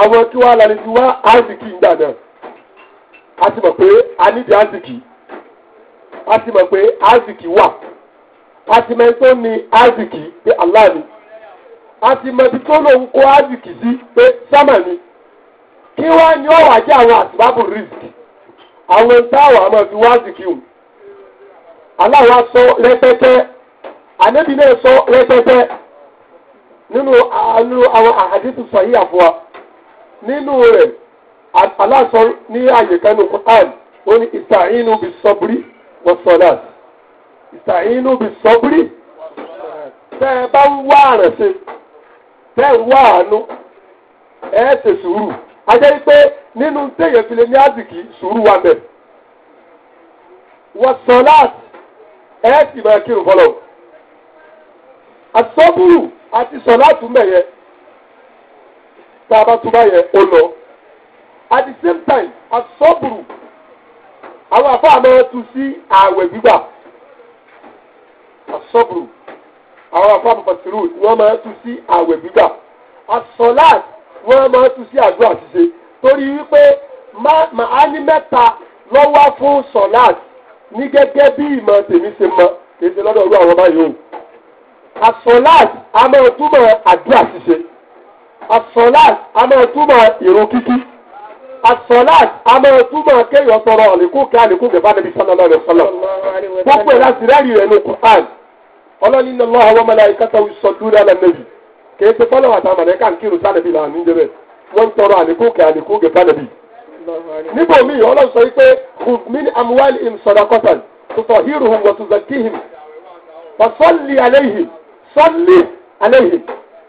àwọn tí wàá lálẹ́ ti wá áìsìkì ń gbà náà a ti mọ̀ pé a nídìí áìsìkì a ti mọ̀ pé áìsìkì wà a ti mọ̀ tó ní áìsìkì pé aláàní a ti mọ̀ tí tó lòun kó áìsìkì sí pé sámà ni kí wá ní ọ̀wà jẹ́ àwọn àtìbábù rìsìkì àwọn àmọ́ fi wá áìsìkì o aláwa sọ rẹpẹtẹ nínú rẹ̀ aláṣọ ní àyèkánu quran ó ní isa bí sọ́bírí wọ́sọ̀lá ìsàínú bí sọ́bírí tẹ́ ẹ bá ń wá àrẹ̀sẹ̀ tẹ́ ẹ ń wá àánú ẹ ṣe sùúrù ajẹ́ pé nínú téèyàn fi lè ní sùúrù wa mẹ́ wọ́sọ̀lá ẹ sì máa kírun fọlọ́ àsọ́bùrù àti sọ̀lá tún mẹ̀yẹ. tá a bá tún báyẹn ó lọ. at the same time asọ́bùrù àwọn àfáà máa tu sí ààwẹ̀ gbígbà asọ́bùrù àwọn àfáà pàpàtìrù wọ́n máa tu sí ààwẹ̀ gbígbà asọ́láàt wọ́n máa tu sí àdúrà ṣíṣe torí wípé màá ní mẹ́ta lọ́wọ́ fún sọ́láàt ní gẹ́gẹ́ bí ìmọ̀ tèmi ṣe mọ kì í ṣe lọ́dọ̀ ọ̀rọ̀ àwọn báyìí o asọ́láàt a máa túbọ̀ àdúrà ṣíṣe asọ́láàt a máa túmọ̀ ìró kíkí asọ́láàt a máa túmọ̀ kéèyàn sọ̀rọ̀ àlékúkẹ́ àlékúkẹ́ bá níbi sallallahu alaihi wasallam gbogbo ẹ̀ láti rẹ́rì rẹ̀ ní Qur'an ọlọ́ni ní lọ́wọ́ wa malaikatahu yusalluna ala nabi kìí ṣe fọlọ́wọ́ àtàwọn mọ̀lẹ́kà ń kírun sálẹ̀ bí là ń wọ́n ń tọrọ àlékúkẹ́ àlékúkẹ́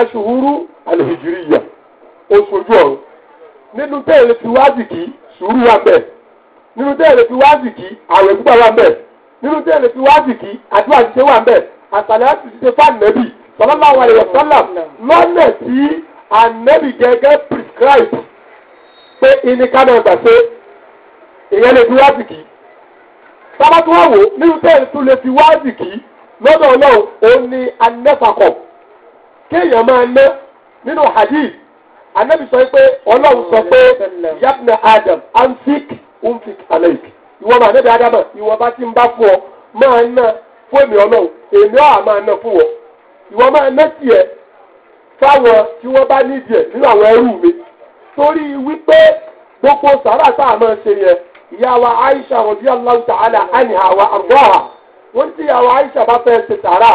aṣùwúrú àlùhìjìrìyà oṣù ojú ọ̀run nínú tẹ́ẹ̀lẹ̀ fi wáàzì kí sùúrù wà bẹ́ẹ̀ nínú tẹ́ẹ̀lẹ̀ fi wáàzì kí àwẹ̀ gbígbà wà bẹ́ẹ̀ nínú tẹ́ẹ̀lẹ̀ fi wáàzì kí àdúrà ṣiṣẹ́ wà bẹ́ẹ̀ àtàlẹ́ àti ṣiṣẹ́ fáànẹ́bì sallallahu alaihi wasallam lọ́nà tí ànẹ́bì gẹ́gẹ́ prescribe pé iní kánà gbà ṣe ìyẹn lè fi wáàzì kí sábà tó wà wò nínú tẹ́ẹ̀lẹ̀ tó lè fi wáàzì lọ́dọ̀ ọlọ́run ó ní anẹ́fàkọ̀ọ́ kéèyàn máa ná nínú hadith anabi sọ pé ọlọ́run sọ pé yabna adam anfik umfik alaik ìwọ máa nẹ́bí adama ìwọ bá ti ń bá fún ọ máa ná fún èmi ọlọ́run èmi ọ̀ máa ná fún ọ ìwọ máa ná tiẹ̀ fáwọn tí wọ́n bá nídìí ẹ̀ nínú àwọn ẹrú mi torí wípé gbogbo sàrà tá a máa Aisha wa àgbọ̀ ìyá Aisha bá fẹ́ ṣe sàrà.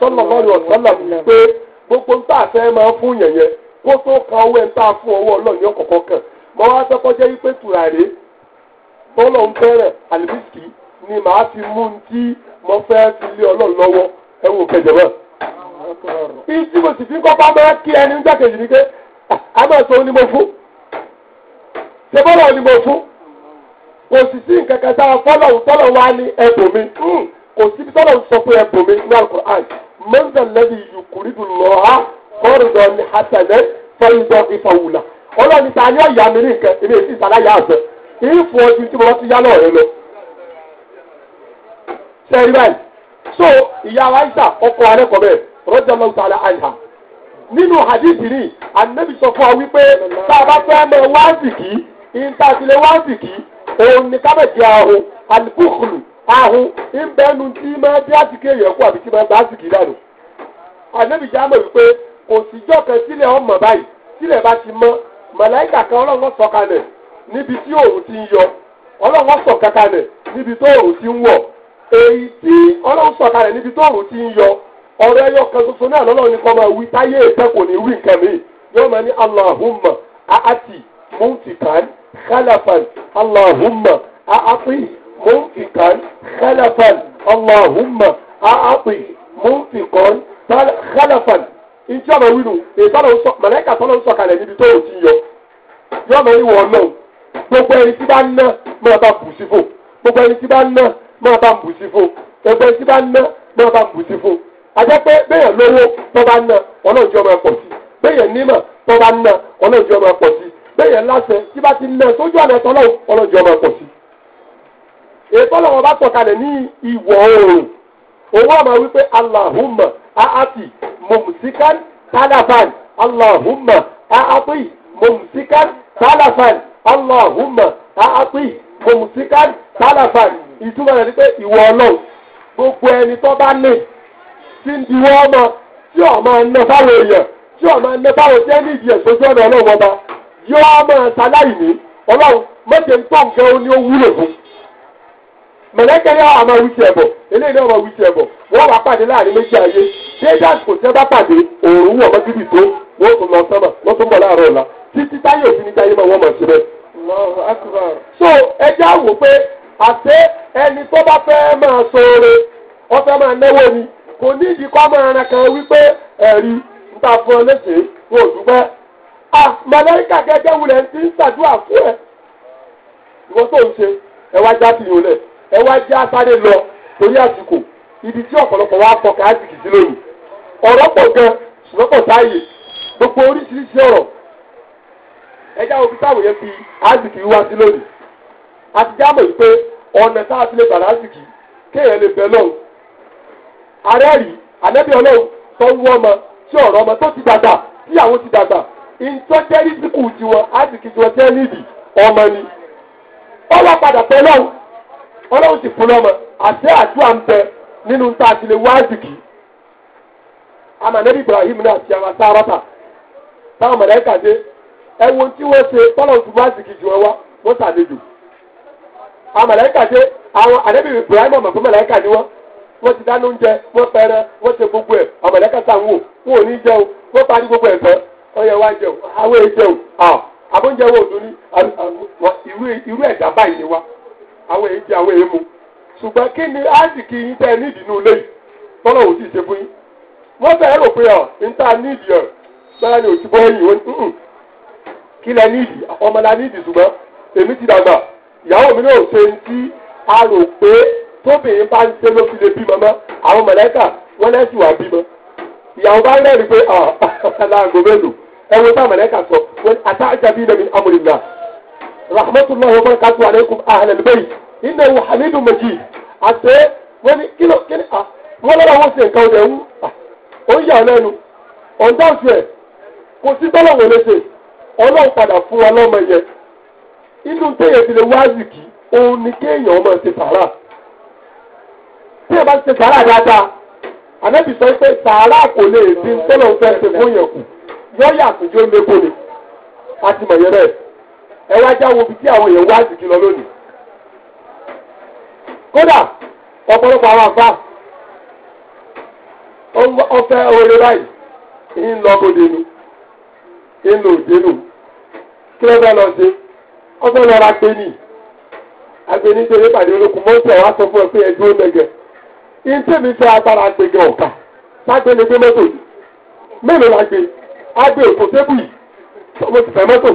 sallallahu alaihi wasallam pé gbogbo nta fẹ́ máa fún yẹn kó tó kan owó ẹ̀ ń tà ọwọ́ ọlọ́run kọ̀kọ́ kàn mọ́ wá sọ́kọ́ jẹ́ wípé tùràrí fẹ́rẹ̀ ni màá fi mú un tí mo fẹ́ fi lé ọlọ́run lọ́wọ́ kẹjọ mo sì fi kọ́kọ́ máa kí ẹni a máa sọ ni mo fún bọ́lọ̀ ni mo fún kò sì sí nǹkan kan fọ́lọ̀ tọ́lọ̀ wá ní ẹ̀bùn mi hmm, kò síbi من ذا الذي يقرض الله قرضا حسنا فيضاعفه له ọlọ́run ta ni ọ̀yà mi ní nǹkan èmi èsì ìsàlàyé àgbẹ̀ èyí fún ọdún tí mo ti yá náà rẹ lọ. sẹ́yìn báyìí so ìyá wa ìsà ọkọ̀ alẹ́kọ̀ọ́ bẹ́ẹ̀ rọ́jà lọ́wọ́ sàlẹ̀ àyà nínú hadithi ni ahụ ìbẹ́nu tí máa dé àsìkò èèyàn kú àbí tí máa gba àsìkò ìdánù. ànábì já mọ̀ wípé kò síjọ́ kan ọma bai báyìí sílẹ̀ bá ti mọ́ màláìkà kan ọlọ́run sọ̀kalẹ̀ níbi tí ti níbi ti èyí tí ọlọ́run sọ̀kalẹ̀ níbi tó ti ń yọ ọ̀rọ̀ ẹyọ kan náà lọ́lọ́run máa wí táyé ní wí nǹkan mi yóò máa ní منفقا خلفا اللهم أعطي منفقا خلفا ìjọ ọmọ wínú ìtọ́lọ̀ ń sọ mọ̀lẹ́kà tọ́lọ̀ ń sọ kalẹ̀ níbi tó o ti yọ yọ ọmọ ìwọ náà gbogbo ẹni tí bá ń ná máa bá bù sí fò gbogbo ẹni tí bá ń ná máa bá bù sí fò gbogbo ẹni tí bá ń ná máa bá bù sí fò àjẹ́ pé béèyàn lówó tó bá ń ná ọlọ́ọ̀jọ́ máa pọ̀ sí béèyàn nímọ̀ tó bá ń ná ọlọ́ọ̀jọ́ máa pọ̀ sí béèyàn láṣẹ tí bá ti ń ná sójú àná tọ́lọ́ ọlọ́ọ̀jọ́ máa pọ̀ sí ètò ọlọ́wọ́ bá tọ̀ kalẹ̀ ní ìwọ̀ oòrùn owó àmọ́ wípé Allahumma aati mumsikan talafan Allahumma aati mumsikan talafan Allahumma aati mumsikan talafan ìtumọ̀ rẹ̀ ni pé ìwọ̀ ọlọ́run gbogbo ẹni tó bá ní tí ń diwọ́ ọmọ tí ọmọ ẹnẹ fáwọn èèyàn tí ọmọ ẹnẹ fáwọn tí ẹni ìdí ẹ̀sọ́jú ọ̀nà ọlọ́run ọba yóò máa ṣaláìní ọlọ́run mọ̀jẹ̀ ń tọ̀ nǹkan ó ní ó wúlò fún un. mẹ̀lẹ́kẹ́ ní ọmọ ma ẹ̀bọ̀ eléyìí ọmọ wíṣí ẹ̀bọ̀ wọ́n wá pàdé láàrin méjì ayé déédé àsìkò tí bá pàdé òòrùn wọ̀ mọ́gídì tó wọ́n tún lọ sọ́mọ̀ wọ́n tún bọ̀ láàárọ̀ ọ̀la títí táyé òfin so ẹ wò pé àṣé ẹni tó bá fẹ́ máa sóore wọ́n máa náwó ni kò ní ìdí kọ́ máa kan wípé ẹ̀rí fún ọ ẹ wá asáré lọ torí àsìkò ibi tí ọ̀pọ̀lọpọ̀ wá fọ káàsìkì sí lóyún ọ̀rọ̀ pọ̀ gan ṣùgbọ́n pọ̀ sáàyè gbogbo oríṣiríṣi ọ̀rọ̀ ẹja òbí táwọn yẹn fi àsìkì wá sí lónìí àti jámọ̀ yìí pé ọ̀nà tá a fi lè bàrà àsìkì kéèyàn lè bẹ̀ lọ́hùn ọlọ́hùn tó ń wú ọmọ tí ọ̀rọ̀ ọmọ tó ti dàgbà tíyàwó ti dàgbà síkù tiwọn àsìkì tiwọn ọmọ ni ọlọ́run sì fún lọ́mọ àti àdúrà ń bẹ nínú tá a ti lè wá àzìkì amànẹ́bí Ibrahim náà ti àwọn sáárọ́tà táwọn mọ̀lẹ́kà dé ẹ̀wọ̀n tí wọ́n ṣe tọ́lọ̀ tún wá àzìkì jù wọ́n ṣàlejò dé àwọn Ibrahim ọmọ fún ni wọ́n wọ́n ti dáná oúnjẹ wọ́n pẹrẹ wọ́n ṣe gbogbo ẹ̀ sàn wò ò ní wọ́n parí gbogbo ẹ̀ ọyẹ wa o, àwọn èèyàn wo ní irú ẹ̀dá báyìí ni wa. àwọn èyí jẹ àwọn èyí mu ṣùgbọ́n kí ni áìsìkì yín tẹ́ nídìí inú ilé yìí tọ́lọ̀ ò sì ṣe fún yín wọ́n fẹ́ rò pé ọ ń ta ọ̀ ni òtí yìí wọ́n ń kí lẹ ọmọ la ṣùgbọ́n a rò pé tóbìnrin bá ń ṣe ló fi lè mọ́ àwọn mọ̀lẹ́kà wọ́n wá ìyàwó bá rẹ́rìí sọ rahmatullahi wa barakatuhu alaykum ahlal bayt innahu majid àti wọ́n ní kí ló kí e wọ́n lọ́la wọ́n ah, ó yà kò sí tọ́lọ̀ lè ọlọ́run padà fún wa lọ́mọ inú téèyàn ti lè wá zìkì òun ni kéèyàn ọmọ ṣe sàárà téèyàn bá ṣe sàárà dáadáa ànábì sọ pé sàárà kò lè dín tọ́lọ̀ ṣe fún yẹn kù ẹ wá já wo bí tí àwọn èèyàn wá lónìí. kódà ọ̀pọ̀lọpọ̀ àwọn àgbà ọ̀fẹ́ oore báyìí ń lọ bóde nu ń lò dé nu kí ló fẹ́ lọ sí lọ ra pé nì agbeni tẹ̀lé pàdé olókùn mọ́tò sọ fún ẹ pé ẹ dúró fẹ́ agbára ọ̀ka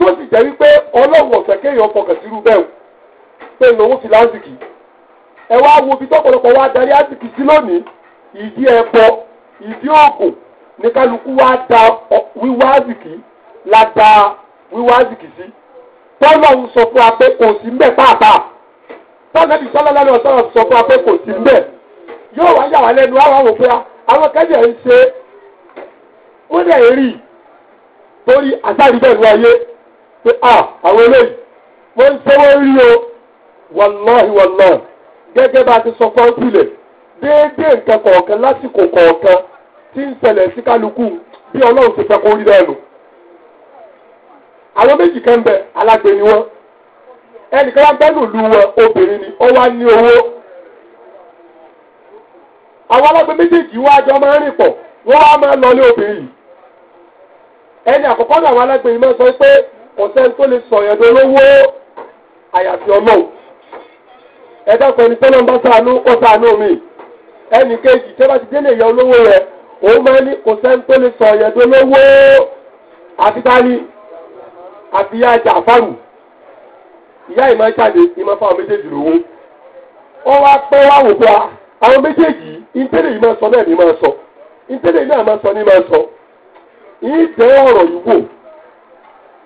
tó sì jẹ́ wípé ọlọ́run ọ̀sẹ̀ kéèyàn fọkàn sírú bẹ́ẹ̀ pé lòun ti lásìkì ẹ wá wo ibi tọ́pọ̀lọpọ̀ wá darí àsìkì sí lónìí ìdí ẹ̀pọ̀ ìdí òògùn ní kálukú wá da wíwá la da wíwá sí sọ fún wa pé kò sí mbẹ́ pàápàá sọ fún wa pé kò sí mbẹ́ yóò wá yà wá lẹ́nu àwọn ń pé à àwọn eléyìí wọ́n ń sẹ́wọ́ rí o wàláhì wàláhì gẹ́gẹ́ bá a ti sọ fọ́ńpìlẹ̀ déédéé nǹkan kọ̀ọ̀kan lásìkò kọ̀ọ̀kan tí ń ṣẹlẹ̀ sí kálukú bí ọlọ́run ti fẹ́ kó rí lẹ́nu. àwọn méjì kan bẹ alágbe ni wọn ẹnìkan wá gbẹ́nu lu wọn obìnrin ni ó wá ní owó. àwọn alágbe méjèèjì wá jọ máa ń rìn pọ̀ wọ́n wá máa ń ní obìnrin yìí. ẹni àkọ́kọ́ náà àwọn alágbe yìí máa sọ pé ọ̀sẹ́ni tó lè sọ̀yàn ní olówó àyàfi ọlọ́run ẹ̀dá pẹ̀lú tọ́lọ́n bá sànú kọ́ sànú mi ẹnì kejì tẹ́ ti délé ìyá olówó rẹ òun máa ní tó lè ní olówó àfitáni àti ìyá ajá ìyá ìmọ̀ ìmọ̀ fáwọn méjèèjì lówó ó sọ náà ní máa sọ ìtẹ́lẹ̀ yìí náà sọ ní máa sọ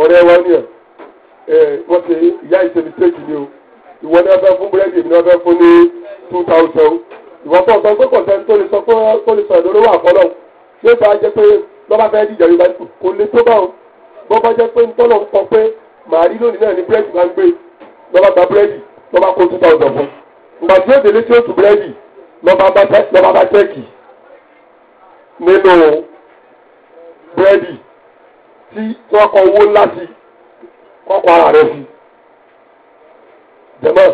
ọ̀rẹ́ wa ni ẹ̀ ẹ̀ wọ́n ti ìyá ìṣe mistake ni o ìwọ ni wọ́n fẹ́ fún búrẹ́dì èmi ni wọ́n fẹ́ fún ní two thousand ìwọ tó sọ pé kọ̀ọ̀tẹ́ tó lè sọ pé tó lè sọ ìdólówó àkọlọ́ yóò bá jẹ́ pé lọ́ba fẹ́ dìjà yorùbá kò lè tó bá o bọ́ bá jẹ́ pé ntọ́lọ̀ ń kọ pé màá lónìí náà ní búrẹ́dì máa ń gbé lọ́ba gba búrẹ́dì lọ́ba kó two thousand fún ìgbà tí yóò délé tí yóò tù búrẹ́dì bá tẹ́ẹ̀kì nínú búrẹ́dì tí wọ́n kọ owó ńlá sí kọ́kọ́ ara rẹ̀ sí. jẹ̀mọ́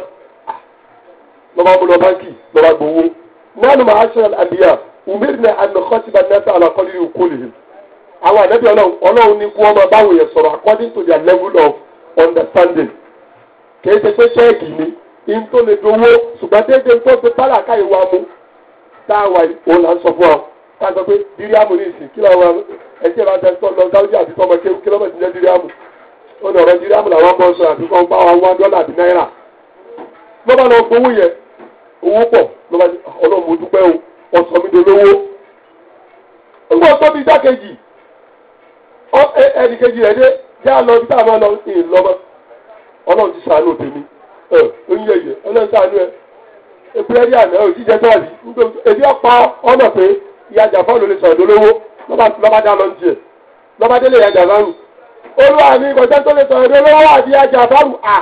lọ́ba mú lọ báńkì gbowó. nánú màá ṣe àlìyá na anukọ́tì bá nẹ́fẹ̀ àlàkọ́lì ìkólè yìí. àwọn ànábì ọlọ́run ọlọ́run ní báwo according to their level of understanding. pé ni dowó ṣùgbọ́n déédéé tó mú táwa sọ ká sọ pé díríàmù ní ìsìn kí làwọn ẹtí ẹ̀rọ ajá sọ lọ sáwùjì àti tọmọ kéwù kí ti jẹ́ díríàmù ó ní ọ̀rọ̀ díríàmù làwọn ọmọ sọ àti kọ́ bá wa wá dọ́là àti náírà ló lọ gbowó owó mo o sọ mi dákejì dé bí táwọn ti sàánú ẹ ebi ọ̀pá ìyá jàfọ́ ló lè sọ ọ̀dọ́ lówó lọ́ba dá lọ ní tiẹ̀ lọ́ba délé ìyá jàfọ́rù olúwa mi kọjá tó lè sọ ọ̀dọ́ lówó àti ìyá jàfọ́rù à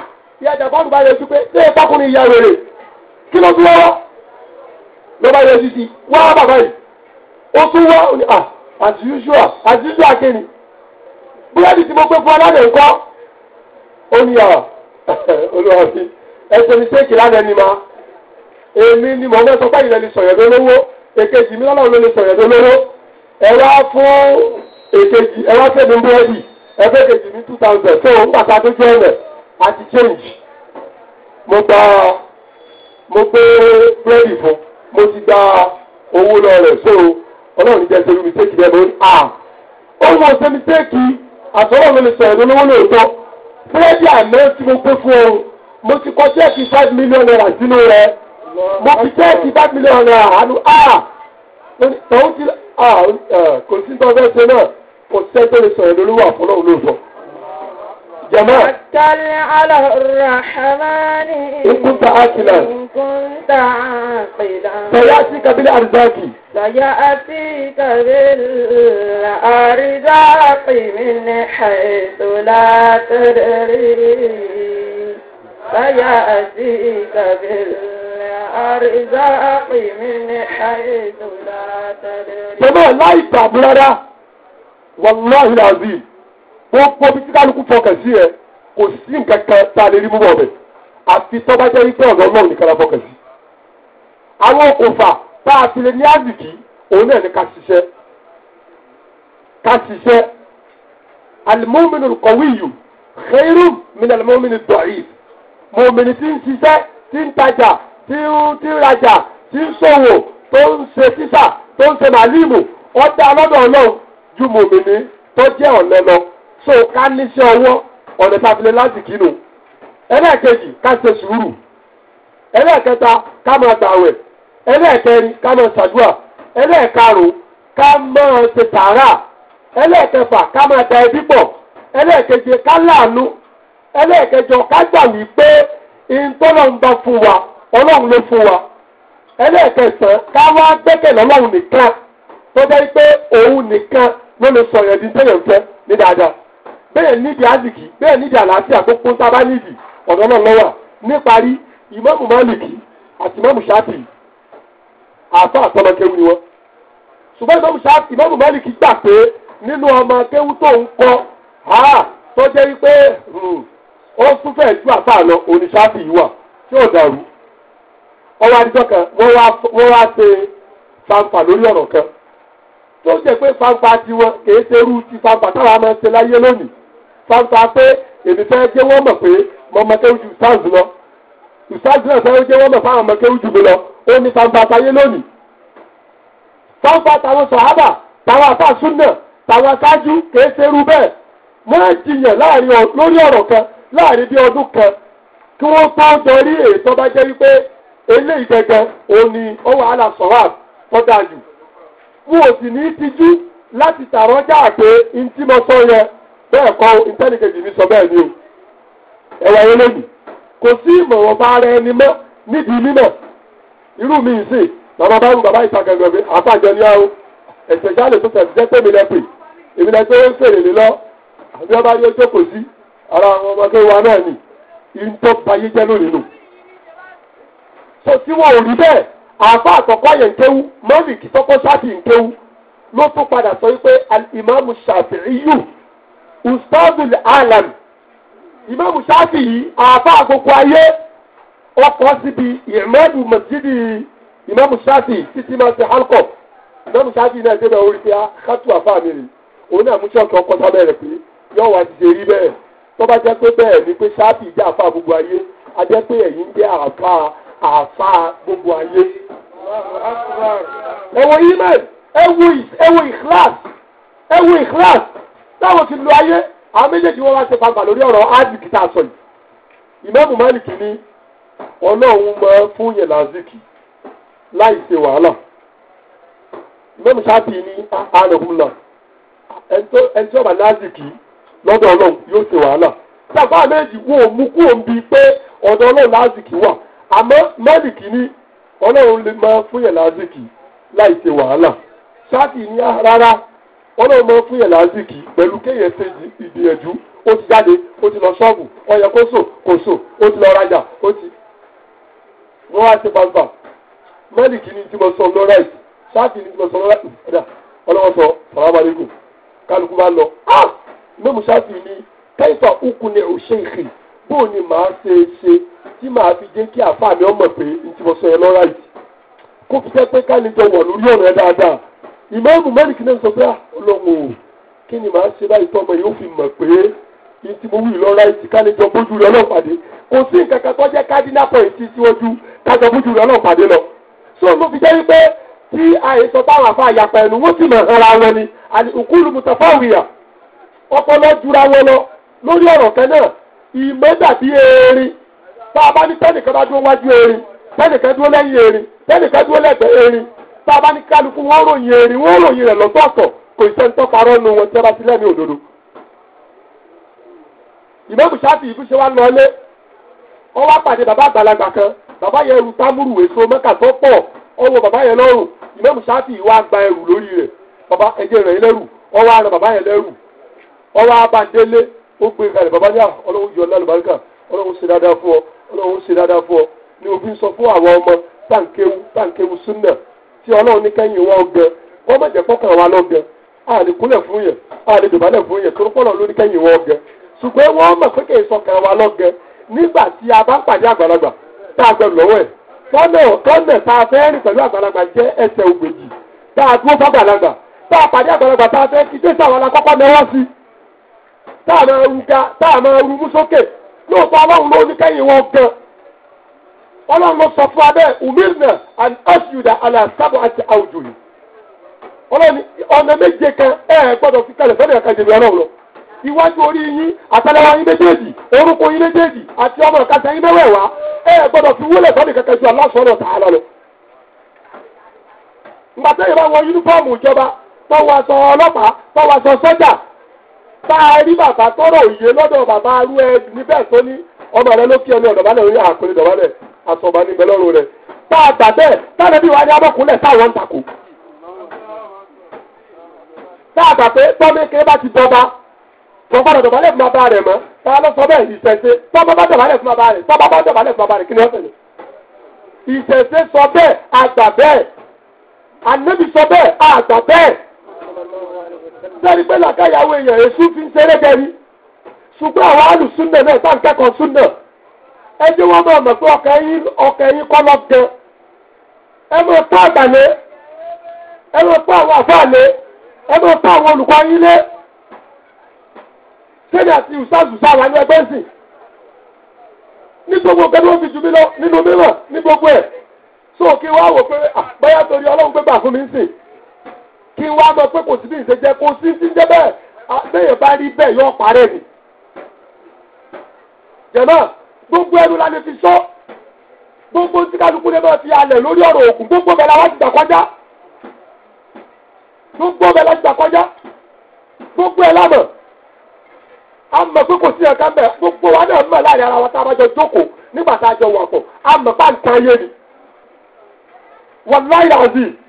ìyá jàfọ́rù bá yẹ sí pé ṣé ìpákùnrin ìyá rere kí ló tún wọ́ lọ́ba yẹ sí sí wá bàbá yìí ó tún wọ́ à àti yúṣùà àti yúṣùà kéde búrẹ́dì tí mo gbé fún ọlọ́dẹ ńkọ́ ó ní à olúwa mi ẹsẹ̀ mi ṣéèkì lánàá ni ma èmi ni mọ̀ọ́mọ́ sọ pé ìrẹ́ni sọ̀yọ́ lówó èkejì mi lọ́wọ́ ló lè sọ̀rọ̀ tó lóró ẹ wá fún èkejì ẹ wá fẹ́mi búrẹ́dì ẹ fẹ́ mi two thousand tó ń pàtàkì tó jẹ́ rẹ̀ àti change mo gba mo gbé búrẹ́dì fún mo ti gba owó lọ rẹ̀ so ọlọ́run jẹ́ sẹ́yìn mi tẹ́kì bẹ́ẹ̀ mo ní à ó mọ̀ sẹ́mi tẹ́kì àtọ́wọ́ mi lè sọ̀rọ̀ tó lówó lóòótọ́ búrẹ́dì àná tí mo gbé fún ọ mo ti kọ́ tẹ́kì five million naira sínú rẹ̀ mo fi tẹ́ẹ̀tì bá mi lé ọ̀rẹ́ àánú a ah! tòun ti ah, kò sí tó ṣe náà kò sí lè sọ̀rọ̀ lórí wà fún ọ̀rọ̀ lóòótọ́. Jẹ̀mọ́. Àtàlẹ́ aláràhámánì. Nkúta Akilá. Nkúta Akilá. Sọ̀yá sí Kabila Arizaki. Sọ̀yá sí Kabila Arizaki mi ní ṣàìsọ̀ látọ̀rẹ́rì. Sọ̀yá sí Kabila. الأرزاق من لا تدري jẹ́mọ́ láì tàbí rárá wàláhì làzí wọ́n pọ̀ bí tíkálukú fọkàn sí ẹ kò sí nǹkan kan tá a lè rí múbọ̀ bẹ̀ àfi tọ́ba jẹ́ wípé ọ̀dọ̀ ọlọ́run nìkan la fọkàn sí. àwọn òkòfà tá a ti lè ní àzìkí òun náà ní ká ṣiṣẹ́ ká ṣiṣẹ́ alimọ́mìnì kọ̀wéyù xeyrú mi ni alimọ́mìnì dọ̀rí mọ́mìnì tí ń ṣiṣẹ́ tí ń tajà tí ń tí ń rajà tí ń ṣòwò tó ń ṣe títà tó ń ṣe màlíìmù ọ̀dà lọ́dọ̀ ọlọ́run ju mòmìnì tó jẹ́ ọ̀lẹ lọ so ká níṣẹ́ ọwọ́ ọ̀nà ìpàfilẹ̀ láti kínú ẹlẹ́ẹ̀kejì ká ṣe sùúrù ẹlẹ́ẹ̀kẹta ká máa gbàwẹ̀ ẹlẹ́ẹ̀kẹrin ká máa ṣàdúrà ẹlẹ́ẹ̀karùn-ún ká máa ṣe tààrà ẹlẹ́ẹ̀kẹfà ká máa da ẹbí pọ̀ ẹlẹ́ẹ̀keje ká láàánú ẹlẹ́ẹ̀kẹjọ ká gbà wípé ìtọ́lọ́mbà fún wa ọlọ́run ló fún wa ẹlẹ́ẹ̀kẹsàn ká wá gbẹ́kẹ̀lé ọlọ́run nìkan tó jẹ́ pé òun nìkan ló lè sọ ìrẹ̀dí téèyàn fẹ́ ní dáadáa bẹ́ẹ̀ nídìí àdìgì bẹ́ẹ̀ nídìí àlàáfíà gbogbo sábà nídìí ọ̀dọ́ náà lọ́wà níparí ìmáàmù Málìkì àti ìmáàmù Ṣáfì àfa àtọ́nà kéwù ni wọ́n ṣùgbọ́n ìmáàmù Ṣáfì ìmáàmù Málìkì gbà pé nínú ọmọ kéwù tó ń kọ́ ha tó jẹ́ wípé hmm, ó tún fẹ́ẹ́ ju àfa àlọ́ òní Ṣáfì yìí wà tí ò dàrú wọ́n wá níjọ́ kan wọ́n wá ṣe fanfa lórí ọ̀rọ̀ kan tó ṣe pé fanfa tiwọn kìí ṣe irú ti fanfa táwọn a máa ṣe láyé lónìí fanfa pé èmi fẹ́ jẹ́ wọ́n mọ̀ pé mo mọ kéwù ju sáàzù lọ ìsáàzù náà fẹ́ jẹ́ wọ́n mọ̀ fáwọn ọmọ kéwù ju mi lọ ó ní fanfa táyé lónìí fanfa táwọn sọ̀hábà táwọn àtàsùn náà táwọn aṣáájú kìí ṣe irú bẹ́ẹ̀ wọ́n jiyàn láàrin lórí ọ̀rọ̀ kan láàrin bí ọdún kan kí wọ́n tó dọrí èyí tó bá jẹ́ wípé eléyìí gẹ́gẹ́ òní ó wà hálà sọ̀rọ̀ kọ́dà jù. mo ò sì ní í tijú láti tàrọ́jà pé ntí mo sọ yẹn mi sọ ni o. ẹ̀wà ara ẹni mọ́ mi ìsìn bàbá bá ń bàbá ìtàgẹ̀gẹ̀ mi àfàjọ ní àwọn ẹ̀sẹ̀ tó tẹ̀sí mi lẹ́pẹ̀ èmi lẹ́ tó ń fèrè lé lọ àbí ọba yóò jókòó sí ara àwọn náà ìtọ́ kò sí wọn ò rí bẹ́ẹ̀ àáfà àkọ́kọ́ yẹn ń kéwú mọ́lìkì tọ́kọ́ ṣáàtì ń kéwú ló tún padà sọ wípé ìmáàmù ṣàfihàn ustazul alam ìmáàmù ṣáàtì yìí àáfà àkókò ayé ọkọ̀ síbi ìmáàmù mọ̀sídì ìmáàmù ṣáàtì títí máa ṣe halkọ̀ ìmáàmù ṣáàtì náà débẹ̀ orí pé ah, kátó àfà mi rì òun náà mú ṣọ́ọ̀kì ọkọ̀ sábẹ́ rẹ̀ pé yóò wá ti rí bẹ́ẹ̀ tó jẹ́ pé bẹ́ẹ̀ ni pé ṣáàtì jẹ́ àfà gbogbo ayé a jẹ́ pé ẹ̀yin jẹ́ àfà àfa gbogbo ayé. ẹ wo iman ẹ wo ẹ wo ikhlas ẹ wo ikhlas táwọn ti lo ayé àwọn méjèèjì wọn wá ṣe pàgbà lórí ọ̀rọ̀ áàdìkì tá a sọ yìí ìmáàmù Málìkì ni ọlọ́run máa fún yẹn lásìkì láì ṣe wàhálà ìmáàmù Ṣáfì ni àlọ́kùnlá ẹni tí ọba lásìkì lọ́dọ̀ ọlọ́run yóò ṣe wàhálà tàbá méjì wo mú kúrò ń bi pé ọ̀dọ̀ ọlọ́run lásìkì wà àmọ́ málìkì ní ọlọ́run lè máa fún yẹn lásìkì láì ṣe wàhálà ṣáàtì ní rárá ọlọ́run máa fún yẹn lásìkì pẹ̀lú kéèyàn ṣe ìgbìyànjú ó ti jáde ó ti lọ ṣọ́ọ̀bù ọyẹ kó sò kò sò ó ti lọ rajà ó ti wọ́n wá ṣe pàǹpà málìkì ní tí mo sọ lọ́rẹ́ ṣáàtì ní tí mo sọ lọ́rẹ́ ọ̀dà ọlọ́wọ́ sọ sàlámàlẹ́kùn kálukú bá lọ ah mẹ́mu ṣáàtì ní kẹ́sà ukùn ní òṣèǹkì bó ni màá ṣe ṣe tí màá fi jẹ́ kí àfa mi ọmọ pé n ti mọ sọ yẹn lọ́ra yìí kó fi jẹ́ pé káni jọ wọ̀ lórí ọ̀rọ̀ ẹ dáadáa ìmáàmù mẹ́rin kìíní sọ pé ah, ọlọ́run o kí ni màá ṣe báyìí tọ́mọ yóò fi mọ̀ pé n ti mo wí lọ́ra yìí káni jọ bójú rẹ ọlọ́pàdé kò sí nǹkan kan tó jẹ́ cardinal point ti síwájú kájọ bójú rẹ ọlọ́pàdé lọ so mo fi jẹ́ wípé tí àìsàn táwọn àfa àyàpá ẹnu wọ́n sì mọ̀ ara wọn ni àti òkúlù ọpọlọ jura wọn lọ lórí ọ̀rọ̀ kan náà ìmọ̀ dàbí erin tá a bá ní tẹ́nìkan bá dúró wájú erin tẹ́nìkan dúró lẹ́yìn erin tẹ́nìkan dúró lẹ́gbẹ̀ẹ́ erin tá a bá ní kálukú wọ́n ròyìn erin wọ́n ròyìn rẹ̀ lọ́tọ̀ọ̀tọ̀ kò sí ẹni tó parọ́ nu wọn tí wọ́n bá ti lẹ́mìí òdodo. ìbúṣe wa lọlé ó wá pàdé bàbá àgbàlagbà kan bàbá yẹn ru támúrù èso tó bàbá yẹn gba ẹrù lórí bàbá bàbá yẹn ó pè kalẹ̀ bàbá ní ọlọ́run yọ lálùbáríkà ọlọ́run ṣe dáadáa fún ọ ọlọ́run ṣe dáadáa fún ọ ni òbí sọ fún àwọn ọmọ tàǹkéwu tàǹkéwu súnà tí ọlọ́run ní kẹ́yìn wọn gan wọ́n wa lọ a lè kúnlẹ̀ fún yẹn a lè dùbálẹ̀ fún yẹn torí pọ́lọ̀ ló kẹ́yìn wọn ṣùgbọ́n wọ́n mọ̀ pé sọkàn wa lọ a bá pàdé àgbàlagbà tá a gbẹ lọ́wọ́ ẹ̀ tọ́nà tá a fẹ́ rìn tá a máa ru ga sókè lóòótọ́ ọlọ́run ló ní kẹ́yìn wọn gan ọlọ́run ló sọ fún abẹ́ and asjuda ala sábà àti àwùjọ ọlọ́run ọ̀nà méje kan ẹ̀ gbọ́dọ̀ fi kalẹ̀ fẹ́ẹ́ nìkan jẹ̀bi ọlọ́run lọ iwájú orí yín àtàlẹ́wà yín méjèèjì orúkọ yín méjèèjì àti ọmọ ìkàtà yín ẹ̀ gbọ́dọ̀ fi wúlẹ̀ ju lọ. bá a rí bàbá tọrọ òye lọ́dọ̀ bàbá arú ẹ níbẹ̀ tó ní ọmọ rẹ ló kí ẹni ọ̀dọ̀bálẹ̀ orí àkùnrin ọ̀dọ̀bálẹ̀ àtọ̀bá ní ìbẹ̀lọ́rùn rẹ̀ bá a gbà bẹ́ẹ̀ táwọn ẹbí wa ní abọ́kùnlẹ̀ táwọn ń takò. bá a gbà pé tọ́mẹ́kẹ́ bá ti bọba kò gbọ́dọ̀ dọ̀bálẹ̀ fún bàbá rẹ̀ mọ́ táwọn lọ sọ bẹ́ẹ̀ ìṣẹ̀ṣe tọ́mọ bá dọ̀bálẹ̀ fún bàbá rẹ̀ tọ́mọ bá dọ̀bálẹ̀ fún bàbá rẹ̀ kí ni wọ́n fẹ̀lẹ̀. ìṣẹ̀ṣe sọ bẹ́ẹ̀ àgbà bẹ́ẹ̀ ànẹ́bí sọ bẹ́ẹ̀ àgbà bẹ́ẹ̀ sẹ́ni pé làkàyàwó èèyàn èṣù fi ń ṣeré gẹ̀rí ṣùgbọ́n àwọn alùsúnnà náà tá à ń kẹ́kọ̀ọ́ súnnà ẹni wọ́n máa mọ̀ pé ọkàn yín ọkàn yín kọ́ lọ́gán ẹ máa pa àgbàlẹ́ ẹ máa pa àwọn àfáàlẹ́ ẹ máa pa àwọn olùkọ́ yín lé sẹ́ni àti ìṣàzùṣà wà ní ẹgbẹ́ ìsìn ní gbogbo nǹkan ni wọ́n fi jù mí lọ nínú mìíràn ní gbogbo ẹ̀ sóò kí wọ́n á wò pé báyà torí ọlọ́run pé gbà fún mi ń sìn. kí wá sọ pé kò sí bí kò sí sí gbogbo la lè sọ gbogbo lè máa fi alẹ̀ lórí gbogbo wá ti gbà gbogbo bẹ́ẹ̀ la ti gbogbo lámọ̀ a mọ̀ pé gbogbo wa náà mọ̀ láàrin ara wa tá a bá jọ jókòó nígbà tá a jọ pọ̀ ni wàláyà ọ̀dì.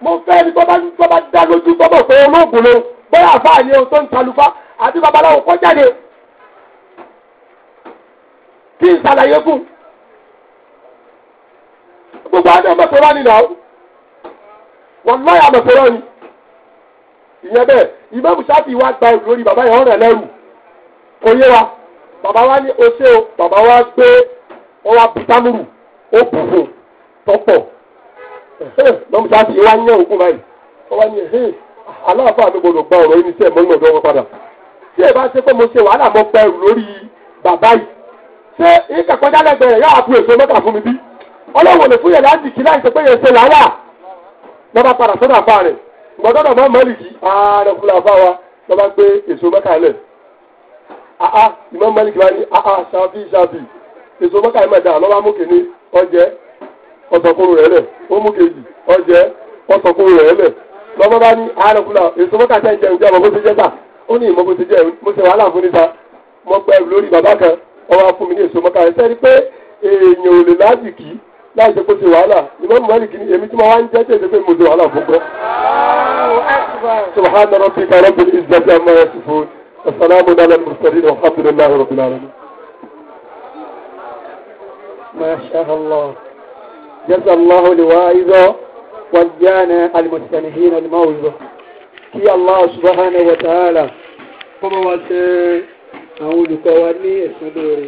mo fẹ́ ni tó bá tó bá dá lójú tó bọ̀ pé olóògùn ló bóyá àfáà ni o tó ń talufa àbí babaláwo kọ́ kí n ṣàlàyé fún gbogbo àdé ọmọ tó bá nínú wọn náà yà mọ̀ ni ìyẹn bẹ́ẹ̀ ìmọ̀mù sáfì wa gba lórí bàbá yẹn ọ̀rẹ́ lẹ́rù kò yé wa bàbá wa ní ose o bàbá wa gbé ọwọ́ abutamuru ó bùbù tọ́pọ̀ lọ́mú sáà sì wá ń yẹ òkun báyìí wọ́n wá ní ẹ̀ aláàfáà mi gbọdọ̀ gba ọ̀rọ̀ yìí ní sẹ́ẹ̀ mọ́ ìmọ̀dọ́ wọn padà tí ẹ bá ṣe pé mo ṣe wàhálà mọ́ pẹ̀rù lórí bàbá yìí ṣé ìkàkọ́jà lẹ́gbẹ̀ẹ́ rẹ̀ yára fún èso mẹ́ta fún mi bí ọlọ́wọ̀n lè fún yẹn láti kí láì sọ pé yẹn ṣe làwà lọ́ba padà sọ́dọ̀ àfa rẹ̀ gbọ́dọ̀ náà máa mọ́lì kí ààrẹ fúnra àfa wa lọ́ba gbé èso mẹ́ta lẹ̀ àá ìmọ̀ mọ́lì kí wá ní àá ṣàbí ṣàbí èso mẹ́ta yìí mẹ́ta lọ́ba mú kìíní ọjẹ́ ọ̀sọ̀kùnrin rẹ̀ lẹ̀ ó mú kejì ọ̀jẹ́ ọ̀sọ̀kùnrin rẹ̀ lẹ̀ lọ́mọ bá ní àárẹ̀kúlà èso mọ́ta tẹ́ ń jẹun jẹ́ ọmọ bó ti jẹ́ tà ó ní ìmọ̀ bó ti jẹ́ mo ṣe wàhálà fún níta mo pẹ́ lórí bàbá kan afún mi ní èso mọ́ta rẹ̀ sẹ́ni pé èèyàn ò lè láì ṣe kó wàhálà ní kìíní èmi tí mo wá ń pé mo wàhálà fún masha allah. جزا الله لواعظ وجانا المستنهين الموعظ kí allah subhanahu wa ta'ala kó bá wa ṣe àwọn olùkọ́ wa ní ẹ̀sán lóore.